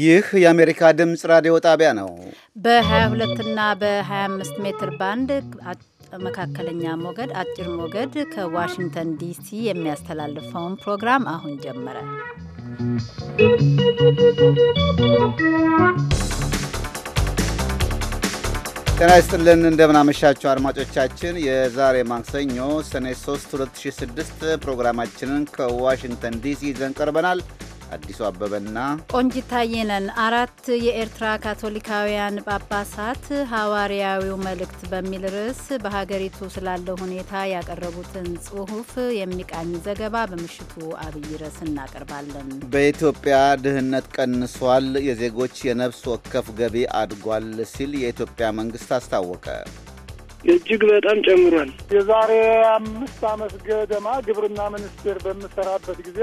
ይህ የአሜሪካ ድምፅ ራዲዮ ጣቢያ ነው። በ22 እና በ25 ሜትር ባንድ መካከለኛ ሞገድ፣ አጭር ሞገድ ከዋሽንግተን ዲሲ የሚያስተላልፈውን ፕሮግራም አሁን ጀመረ። ጤና ይስጥልን፣ እንደምናመሻቸው አድማጮቻችን። የዛሬ ማክሰኞ ሰኔ 3 2006 ፕሮግራማችንን ከዋሽንግተን ዲሲ ይዘን ቀርበናል። አዲሱ አበበና ቆንጅታየነን አራት የኤርትራ ካቶሊካውያን ጳጳሳት ሐዋርያዊው መልእክት በሚል ርዕስ በሀገሪቱ ስላለው ሁኔታ ያቀረቡትን ጽሑፍ የሚቃኝ ዘገባ በምሽቱ አብይ ርዕስ እናቀርባለን። በኢትዮጵያ ድህነት ቀንሷል፣ የዜጎች የነፍስ ወከፍ ገቢ አድጓል ሲል የኢትዮጵያ መንግስት አስታወቀ። እጅግ በጣም ጨምሯል። የዛሬ አምስት ዓመት ገደማ ግብርና ሚኒስቴር በምሰራበት ጊዜ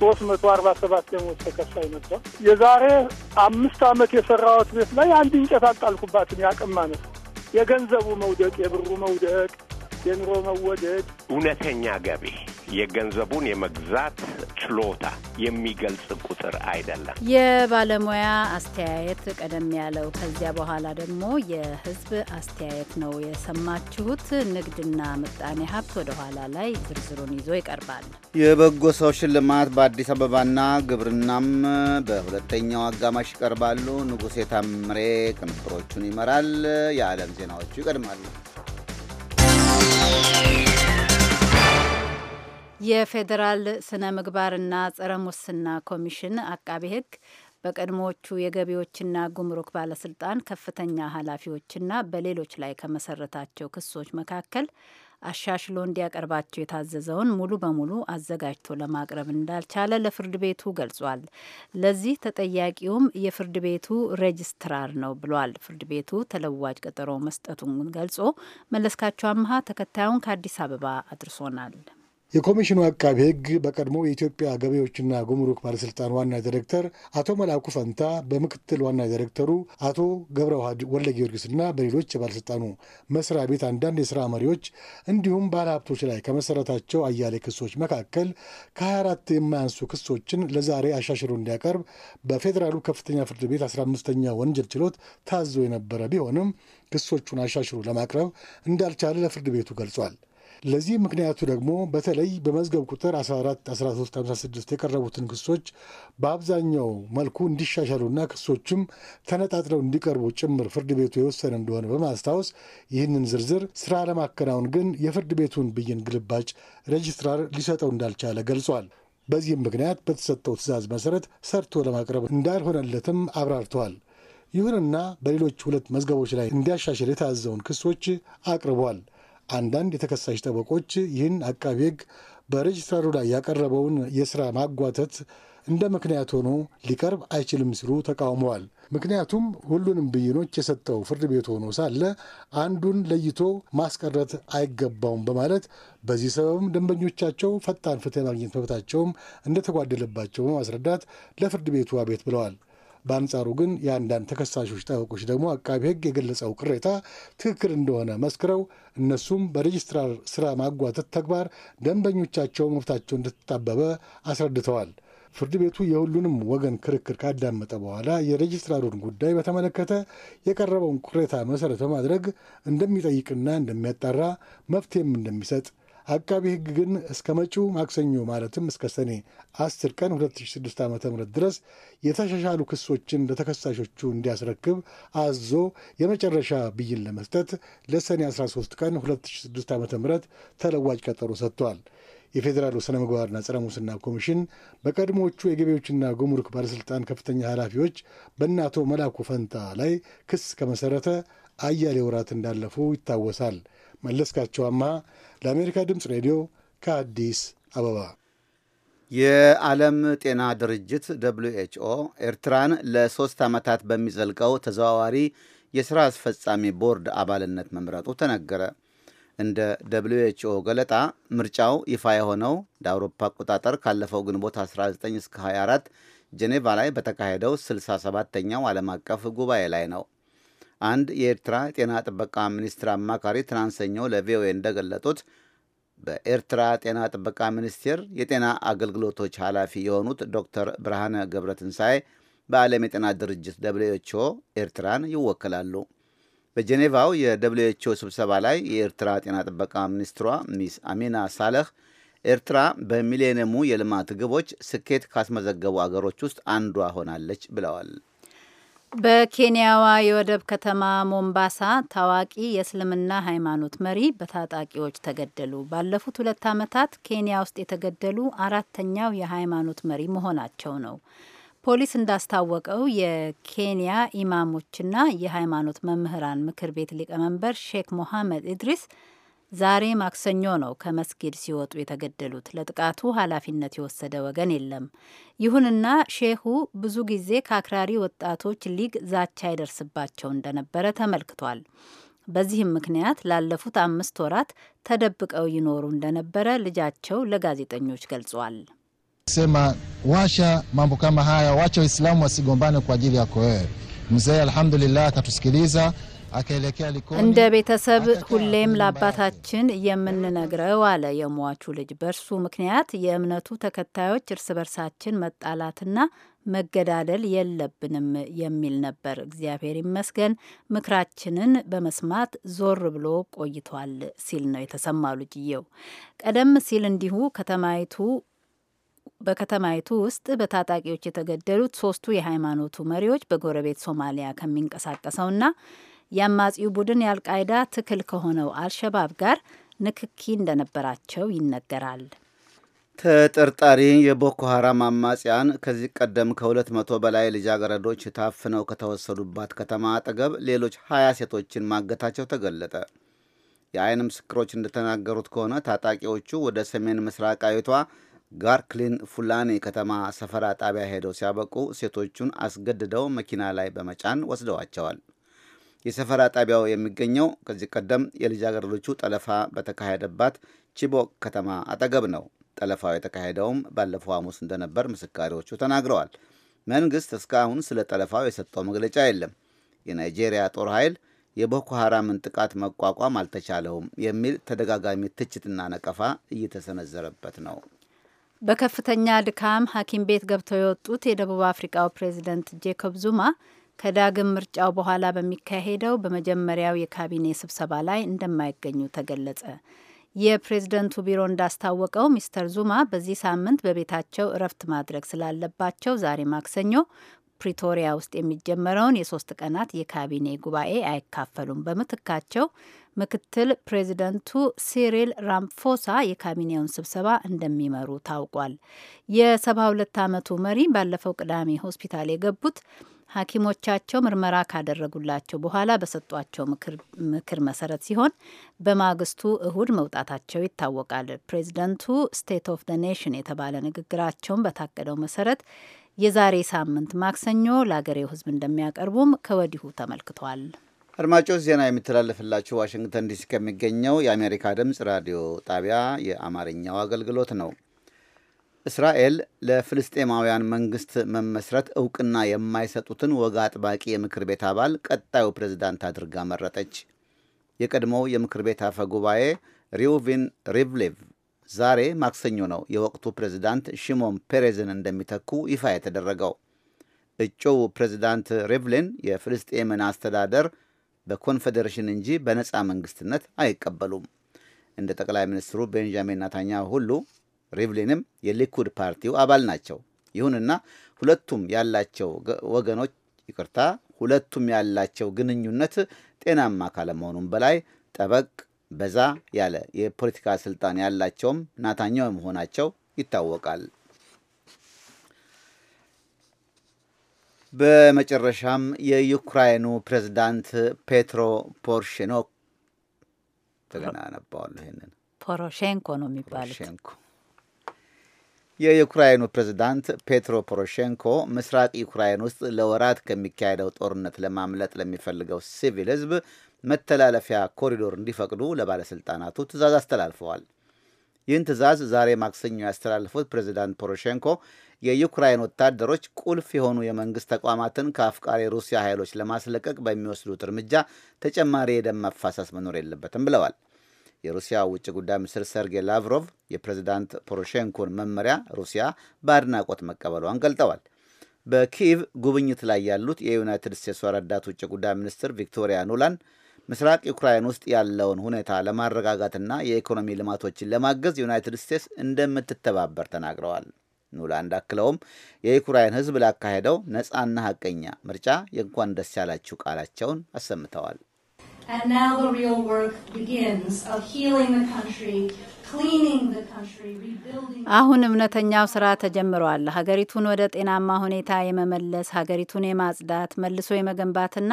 ሶስት መቶ አርባ ሰባት ደሞዝ ተከፋይ ነበር። የዛሬ አምስት ዓመት የሰራሁት ቤት ላይ አንድ እንጨት አጣልኩባትን ያቅም ማነት የገንዘቡ መውደቅ፣ የብሩ መውደቅ የኑሮ መወደድ እውነተኛ ገቢ የገንዘቡን የመግዛት ችሎታ የሚገልጽ ቁጥር አይደለም። የባለሙያ አስተያየት ቀደም ያለው፣ ከዚያ በኋላ ደግሞ የህዝብ አስተያየት ነው የሰማችሁት። ንግድና ምጣኔ ሀብት ወደ ኋላ ላይ ዝርዝሩን ይዞ ይቀርባል። የበጎ ሰው ሽልማት በአዲስ አበባና ግብርናም በሁለተኛው አጋማሽ ይቀርባሉ። ንጉሴ ታምሬ ቅንብሮቹን ይመራል። የዓለም ዜናዎቹ ይቀድማሉ። የፌዴራል ስነ ምግባርና ጸረ ሙስና ኮሚሽን አቃቢ ሕግ በቀድሞዎቹ የገቢዎችና ጉምሩክ ባለስልጣን ከፍተኛ ኃላፊዎችና በሌሎች ላይ ከመሰረታቸው ክሶች መካከል አሻሽሎ እንዲያቀርባቸው የታዘዘውን ሙሉ በሙሉ አዘጋጅቶ ለማቅረብ እንዳልቻለ ለፍርድ ቤቱ ገልጿል። ለዚህ ተጠያቂውም የፍርድ ቤቱ ሬጅስትራር ነው ብሏል። ፍርድ ቤቱ ተለዋጭ ቀጠሮ መስጠቱን ገልጾ መለስካቸው አምሃ ተከታዩን ከአዲስ አበባ አድርሶናል። የኮሚሽኑ አቃቢ ሕግ በቀድሞ የኢትዮጵያ ገቢዎችና ጉምሩክ ባለስልጣን ዋና ዲሬክተር አቶ መልአኩ ፈንታ በምክትል ዋና ዲሬክተሩ አቶ ገብረ ውሃድ ወልደ ጊዮርጊስና በሌሎች የባለሥልጣኑ መስሪያ ቤት አንዳንድ የስራ መሪዎች እንዲሁም ሀብቶች ላይ ከመሰረታቸው አያሌ ክሶች መካከል ከ24 የማያንሱ ክሶችን ለዛሬ አሻሽሎ እንዲያቀርብ በፌዴራሉ ከፍተኛ ፍርድ ቤት 15ኛ ወንጀል ችሎት ታዞ የነበረ ቢሆንም ክሶቹን አሻሽሎ ለማቅረብ እንዳልቻለ ለፍርድ ቤቱ ገልጿል። ለዚህ ምክንያቱ ደግሞ በተለይ በመዝገብ ቁጥር 14 1356 የቀረቡትን ክሶች በአብዛኛው መልኩ እንዲሻሻሉና ክሶቹም ተነጣጥለው እንዲቀርቡ ጭምር ፍርድ ቤቱ የወሰነ እንደሆነ በማስታወስ ይህንን ዝርዝር ስራ ለማከናወን ግን የፍርድ ቤቱን ብይን ግልባጭ ሬጅስትራር ሊሰጠው እንዳልቻለ ገልጿል። በዚህም ምክንያት በተሰጠው ትዕዛዝ መሰረት ሰርቶ ለማቅረብ እንዳልሆነለትም አብራርተዋል። ይሁንና በሌሎች ሁለት መዝገቦች ላይ እንዲያሻሽል የታዘውን ክሶች አቅርቧል። አንዳንድ የተከሳሽ ጠበቆች ይህን አቃቢ ሕግ በሬጅስትራሩ ላይ ያቀረበውን የሥራ ማጓተት እንደ ምክንያት ሆኖ ሊቀርብ አይችልም ሲሉ ተቃውመዋል። ምክንያቱም ሁሉንም ብይኖች የሰጠው ፍርድ ቤት ሆኖ ሳለ አንዱን ለይቶ ማስቀረት አይገባውም በማለት በዚህ ሰበብም ደንበኞቻቸው ፈጣን ፍትህ ማግኘት መብታቸውም እንደተጓደለባቸው በማስረዳት ለፍርድ ቤቱ አቤት ብለዋል። በአንጻሩ ግን የአንዳንድ ተከሳሾች ጠበቆች ደግሞ አቃቢ ሕግ የገለጸው ቅሬታ ትክክል እንደሆነ መስክረው እነሱም በሬጅስትራር ስራ ማጓተት ተግባር ደንበኞቻቸው መብታቸው እንደተጣበበ አስረድተዋል። ፍርድ ቤቱ የሁሉንም ወገን ክርክር ካዳመጠ በኋላ የሬጅስትራሩን ጉዳይ በተመለከተ የቀረበውን ቅሬታ መሰረት በማድረግ እንደሚጠይቅና እንደሚያጣራ መፍትሄም እንደሚሰጥ አቃቢ ሕግ ግን እስከ መጪው ማክሰኞ ማለትም እስከ ሰኔ 10 ቀን 2006 ዓ ም ድረስ የተሻሻሉ ክሶችን ለተከሳሾቹ እንዲያስረክብ አዞ የመጨረሻ ብይን ለመስጠት ለሰኔ 13 ቀን 2006 ዓ ም ተለዋጭ ቀጠሮ ሰጥቷል። የፌዴራሉ ስነ ምግባርና ጸረ ሙስና ኮሚሽን በቀድሞዎቹ የገቢዎችና ጉምሩክ ባለሥልጣን ከፍተኛ ኃላፊዎች በእነ አቶ መላኩ ፈንታ ላይ ክስ ከመሠረተ አያሌ ወራት እንዳለፉ ይታወሳል። መለስካቸው አማሃ ለአሜሪካ ድምፅ ሬዲዮ ከአዲስ አበባ። የዓለም ጤና ድርጅት ደብሊው ኤችኦ ኤርትራን ለሶስት ዓመታት በሚዘልቀው ተዘዋዋሪ የሥራ አስፈጻሚ ቦርድ አባልነት መምረጡ ተነገረ። እንደ ደብሊው ኤችኦ ገለጣ ምርጫው ይፋ የሆነው እንደ አውሮፓ አቆጣጠር ካለፈው ግንቦት 19 እስከ 24 ጄኔቫ ላይ በተካሄደው 67 ተኛው ዓለም አቀፍ ጉባኤ ላይ ነው። አንድ የኤርትራ ጤና ጥበቃ ሚኒስትር አማካሪ ትናንት ሰኞ ለቪኦኤ እንደገለጡት በኤርትራ ጤና ጥበቃ ሚኒስቴር የጤና አገልግሎቶች ኃላፊ የሆኑት ዶክተር ብርሃነ ገብረ ትንሣኤ በዓለም የጤና ድርጅት ደብሊውኤችኦ ኤርትራን ይወክላሉ። በጄኔቫው የደብሊውኤችኦ ስብሰባ ላይ የኤርትራ ጤና ጥበቃ ሚኒስትሯ ሚስ አሚና ሳለህ ኤርትራ በሚሌኒየሙ የልማት ግቦች ስኬት ካስመዘገቡ አገሮች ውስጥ አንዷ ሆናለች ብለዋል። በኬንያዋ የወደብ ከተማ ሞምባሳ ታዋቂ የእስልምና ሃይማኖት መሪ በታጣቂዎች ተገደሉ። ባለፉት ሁለት ዓመታት ኬንያ ውስጥ የተገደሉ አራተኛው የሃይማኖት መሪ መሆናቸው ነው። ፖሊስ እንዳስታወቀው የኬንያ ኢማሞችና የሃይማኖት መምህራን ምክር ቤት ሊቀመንበር ሼክ ሞሐመድ ኢድሪስ ዛሬ ማክሰኞ ነው ከመስጊድ ሲወጡ የተገደሉት። ለጥቃቱ ኃላፊነት የወሰደ ወገን የለም። ይሁንና ሼሁ ብዙ ጊዜ ከአክራሪ ወጣቶች ሊግ ዛቻ ይደርስባቸው እንደነበረ ተመልክቷል። በዚህም ምክንያት ላለፉት አምስት ወራት ተደብቀው ይኖሩ እንደነበረ ልጃቸው ለጋዜጠኞች ገልጿል። ስማ ዋሻ ማምቦ ካማ ሀያ ዋቸው ወይስላሙ ወሲጎምባኔ ኳጅል ያኮ wewe mzee alhamdulillah እንደ ቤተሰብ ሁሌም ለአባታችን የምንነግረው አለ የሟቹ ልጅ። በእርሱ ምክንያት የእምነቱ ተከታዮች እርስ በርሳችን መጣላትና መገዳደል የለብንም የሚል ነበር። እግዚአብሔር ይመስገን ምክራችንን በመስማት ዞር ብሎ ቆይቷል ሲል ነው የተሰማው ልጅየው። ቀደም ሲል እንዲሁ ከተማይቱ በከተማይቱ ውስጥ በታጣቂዎች የተገደሉት ሶስቱ የሃይማኖቱ መሪዎች በጎረቤት ሶማሊያ ከሚንቀሳቀሰውና የአማጺው ቡድን የአልቃይዳ ትክል ከሆነው አልሸባብ ጋር ንክኪ እንደነበራቸው ይነገራል። ተጠርጣሪ የቦኮ ሀራም አማጽያን ከዚህ ቀደም ከ200 በላይ ልጃገረዶች ታፍነው ከተወሰዱባት ከተማ አጠገብ ሌሎች 20 ሴቶችን ማገታቸው ተገለጠ። የአይን ምስክሮች እንደተናገሩት ከሆነ ታጣቂዎቹ ወደ ሰሜን ምስራቃዊቷ ጋርክሊን ፉላኔ ከተማ ሰፈራ ጣቢያ ሄደው ሲያበቁ ሴቶቹን አስገድደው መኪና ላይ በመጫን ወስደዋቸዋል። የሰፈራ ጣቢያው የሚገኘው ከዚህ ቀደም የልጃገረዶቹ ጠለፋ በተካሄደባት ቺቦክ ከተማ አጠገብ ነው። ጠለፋው የተካሄደውም ባለፈው ሐሙስ እንደነበር ምስካሪዎቹ ተናግረዋል። መንግሥት እስካሁን ስለ ጠለፋው የሰጠው መግለጫ የለም። የናይጄሪያ ጦር ኃይል የቦኮ ሐራምን ጥቃት መቋቋም አልተቻለውም የሚል ተደጋጋሚ ትችትና ነቀፋ እየተሰነዘረበት ነው። በከፍተኛ ድካም ሐኪም ቤት ገብተው የወጡት የደቡብ አፍሪካው ፕሬዚደንት ጄኮብ ዙማ ከዳግም ምርጫው በኋላ በሚካሄደው በመጀመሪያው የካቢኔ ስብሰባ ላይ እንደማይገኙ ተገለጸ። የፕሬዝደንቱ ቢሮ እንዳስታወቀው ሚስተር ዙማ በዚህ ሳምንት በቤታቸው እረፍት ማድረግ ስላለባቸው ዛሬ ማክሰኞ ፕሪቶሪያ ውስጥ የሚጀመረውን የሶስት ቀናት የካቢኔ ጉባኤ አይካፈሉም። በምትካቸው ምክትል ፕሬዚደንቱ ሲሪል ራምፎሳ የካቢኔውን ስብሰባ እንደሚመሩ ታውቋል። የሰባ ሁለት ዓመቱ መሪ ባለፈው ቅዳሜ ሆስፒታል የገቡት ሐኪሞቻቸው ምርመራ ካደረጉላቸው በኋላ በሰጧቸው ምክር መሰረት ሲሆን በማግስቱ እሁድ መውጣታቸው ይታወቃል። ፕሬዚደንቱ ስቴት ኦፍ ደ ኔሽን የተባለ ንግግራቸውን በታቀደው መሰረት የዛሬ ሳምንት ማክሰኞ ለአገሬው ሕዝብ እንደሚያቀርቡም ከወዲሁ ተመልክቷል። አድማጮች ዜና የሚተላለፍላችሁ ዋሽንግተን ዲሲ ከሚገኘው የአሜሪካ ድምፅ ራዲዮ ጣቢያ የአማርኛው አገልግሎት ነው። እስራኤል ለፍልስጤማውያን መንግስት መመስረት እውቅና የማይሰጡትን ወግ አጥባቂ የምክር ቤት አባል ቀጣዩ ፕሬዝዳንት አድርጋ መረጠች። የቀድሞው የምክር ቤት አፈ ጉባኤ ሪውቪን ሪቭሊቭ ዛሬ ማክሰኞ ነው የወቅቱ ፕሬዝዳንት ሽሞን ፔሬዝን እንደሚተኩ ይፋ የተደረገው። እጩው ፕሬዝዳንት ሪቭሊን የፍልስጤምን አስተዳደር በኮንፌዴሬሽን እንጂ በነፃ መንግስትነት አይቀበሉም። እንደ ጠቅላይ ሚኒስትሩ ቤንጃሚን ናታንያሁ ሁሉ ሪቭሊንም የሊኩድ ፓርቲው አባል ናቸው። ይሁንና ሁለቱም ያላቸው ወገኖች ይቅርታ፣ ሁለቱም ያላቸው ግንኙነት ጤናማ ካለመሆኑም በላይ ጠበቅ በዛ ያለ የፖለቲካ ስልጣን ያላቸውም ናታኛው መሆናቸው ይታወቃል። በመጨረሻም የዩክራይኑ ፕሬዝዳንት ፔትሮ ፖርሽኖ ተገና ነባዋሉ ይህንን ፖሮሼንኮ ነው የሚባሉት የዩክራይኑ ፕሬዝዳንት ፔትሮ ፖሮሼንኮ ምስራቅ ዩክራይን ውስጥ ለወራት ከሚካሄደው ጦርነት ለማምለጥ ለሚፈልገው ሲቪል ህዝብ መተላለፊያ ኮሪዶር እንዲፈቅዱ ለባለሥልጣናቱ ትዕዛዝ አስተላልፈዋል። ይህን ትዕዛዝ ዛሬ ማክሰኞ ያስተላልፉት ፕሬዝዳንት ፖሮሼንኮ የዩክራይን ወታደሮች ቁልፍ የሆኑ የመንግሥት ተቋማትን ከአፍቃሪ ሩሲያ ኃይሎች ለማስለቀቅ በሚወስዱት እርምጃ ተጨማሪ የደም መፋሳስ መኖር የለበትም ብለዋል። የሩሲያ ውጭ ጉዳይ ሚኒስትር ሰርጌይ ላቭሮቭ የፕሬዚዳንት ፖሮሼንኮን መመሪያ ሩሲያ በአድናቆት መቀበሏን ገልጠዋል። በኪቭ ጉብኝት ላይ ያሉት የዩናይትድ ስቴትስ ረዳት ውጭ ጉዳይ ሚኒስትር ቪክቶሪያ ኑላን ምስራቅ ዩክራይን ውስጥ ያለውን ሁኔታ ለማረጋጋትና የኢኮኖሚ ልማቶችን ለማገዝ ዩናይትድ ስቴትስ እንደምትተባበር ተናግረዋል። ኑላ አክለውም የዩክራይን ሕዝብ ላካሄደው ነጻና ሀቀኛ ምርጫ የእንኳን ደስ ያላችሁ ቃላቸውን አሰምተዋል። And now the real work begins of healing the country. አሁን እውነተኛው ስራ ተጀምሯል። ሀገሪቱን ወደ ጤናማ ሁኔታ የመመለስ ሀገሪቱን የማጽዳት መልሶ የመገንባትና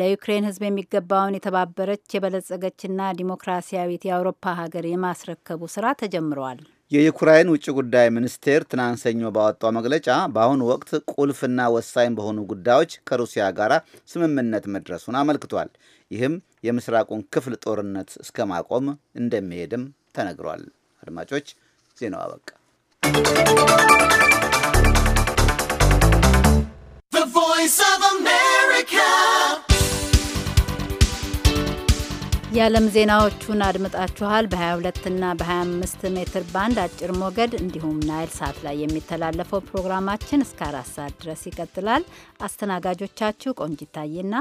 ለዩክሬን ሕዝብ የሚገባውን የተባበረች የበለጸገችና ዲሞክራሲያዊት የአውሮፓ ሀገር የማስረከቡ ስራ ተጀምሯል። የዩክራይን ውጭ ጉዳይ ሚኒስቴር ትናንት ሰኞ ባወጣው መግለጫ በአሁኑ ወቅት ቁልፍና ወሳኝ በሆኑ ጉዳዮች ከሩሲያ ጋር ስምምነት መድረሱን አመልክቷል። ይህም የምስራቁን ክፍል ጦርነት እስከ ማቆም እንደሚሄድም ተነግሯል። አድማጮች፣ ዜናው አበቃ። ቮይስ ኦፍ አሜሪካ የዓለም ዜናዎቹን አድምጣችኋል። በ22 እና በ25 ሜትር ባንድ አጭር ሞገድ እንዲሁም ናይል ሳት ላይ የሚተላለፈው ፕሮግራማችን እስከ አራት ሰዓት ድረስ ይቀጥላል። አስተናጋጆቻችሁ ቆንጂታዬና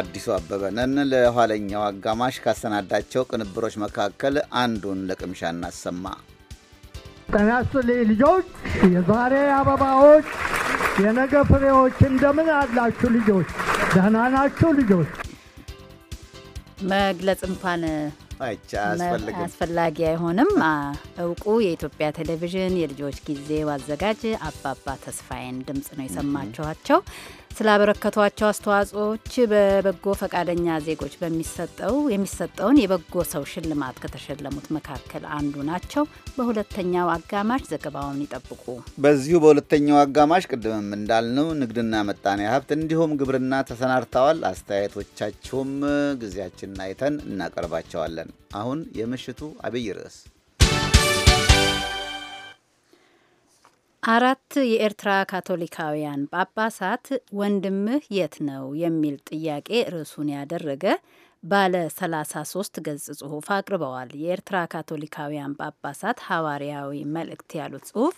አዲሱ አበበነን ለኋለኛው አጋማሽ ካሰናዳቸው ቅንብሮች መካከል አንዱን ለቅምሻ እናሰማ። ጠናስ ልጆች፣ የዛሬ አበባዎች፣ የነገ ፍሬዎች እንደምን አላችሁ ልጆች? ደህና ናቸው ልጆች። መግለጽ እንኳን አስፈላጊ አይሆንም። እውቁ የኢትዮጵያ ቴሌቪዥን የልጆች ጊዜ አዘጋጅ አባባ ተስፋዬን ድምጽ ነው የሰማችኋቸው። ስላበረከቷቸው አስተዋጽኦዎች በበጎ ፈቃደኛ ዜጎች በሚሰጠው የሚሰጠውን የበጎ ሰው ሽልማት ከተሸለሙት መካከል አንዱ ናቸው። በሁለተኛው አጋማሽ ዘገባውን ይጠብቁ። በዚሁ በሁለተኛው አጋማሽ ቅድምም እንዳልነው ንግድና መጣኔ ሀብት እንዲሁም ግብርና ተሰናድተዋል። አስተያየቶቻቸውም ጊዜያችንን አይተን እናቀርባቸዋለን። አሁን የምሽቱ አብይ ርዕስ አራት የኤርትራ ካቶሊካውያን ጳጳሳት ወንድምህ የት ነው የሚል ጥያቄ ርዕሱን ያደረገ ባለ 33 ገጽ ጽሑፍ አቅርበዋል። የኤርትራ ካቶሊካውያን ጳጳሳት ሐዋርያዊ መልእክት ያሉት ጽሁፍ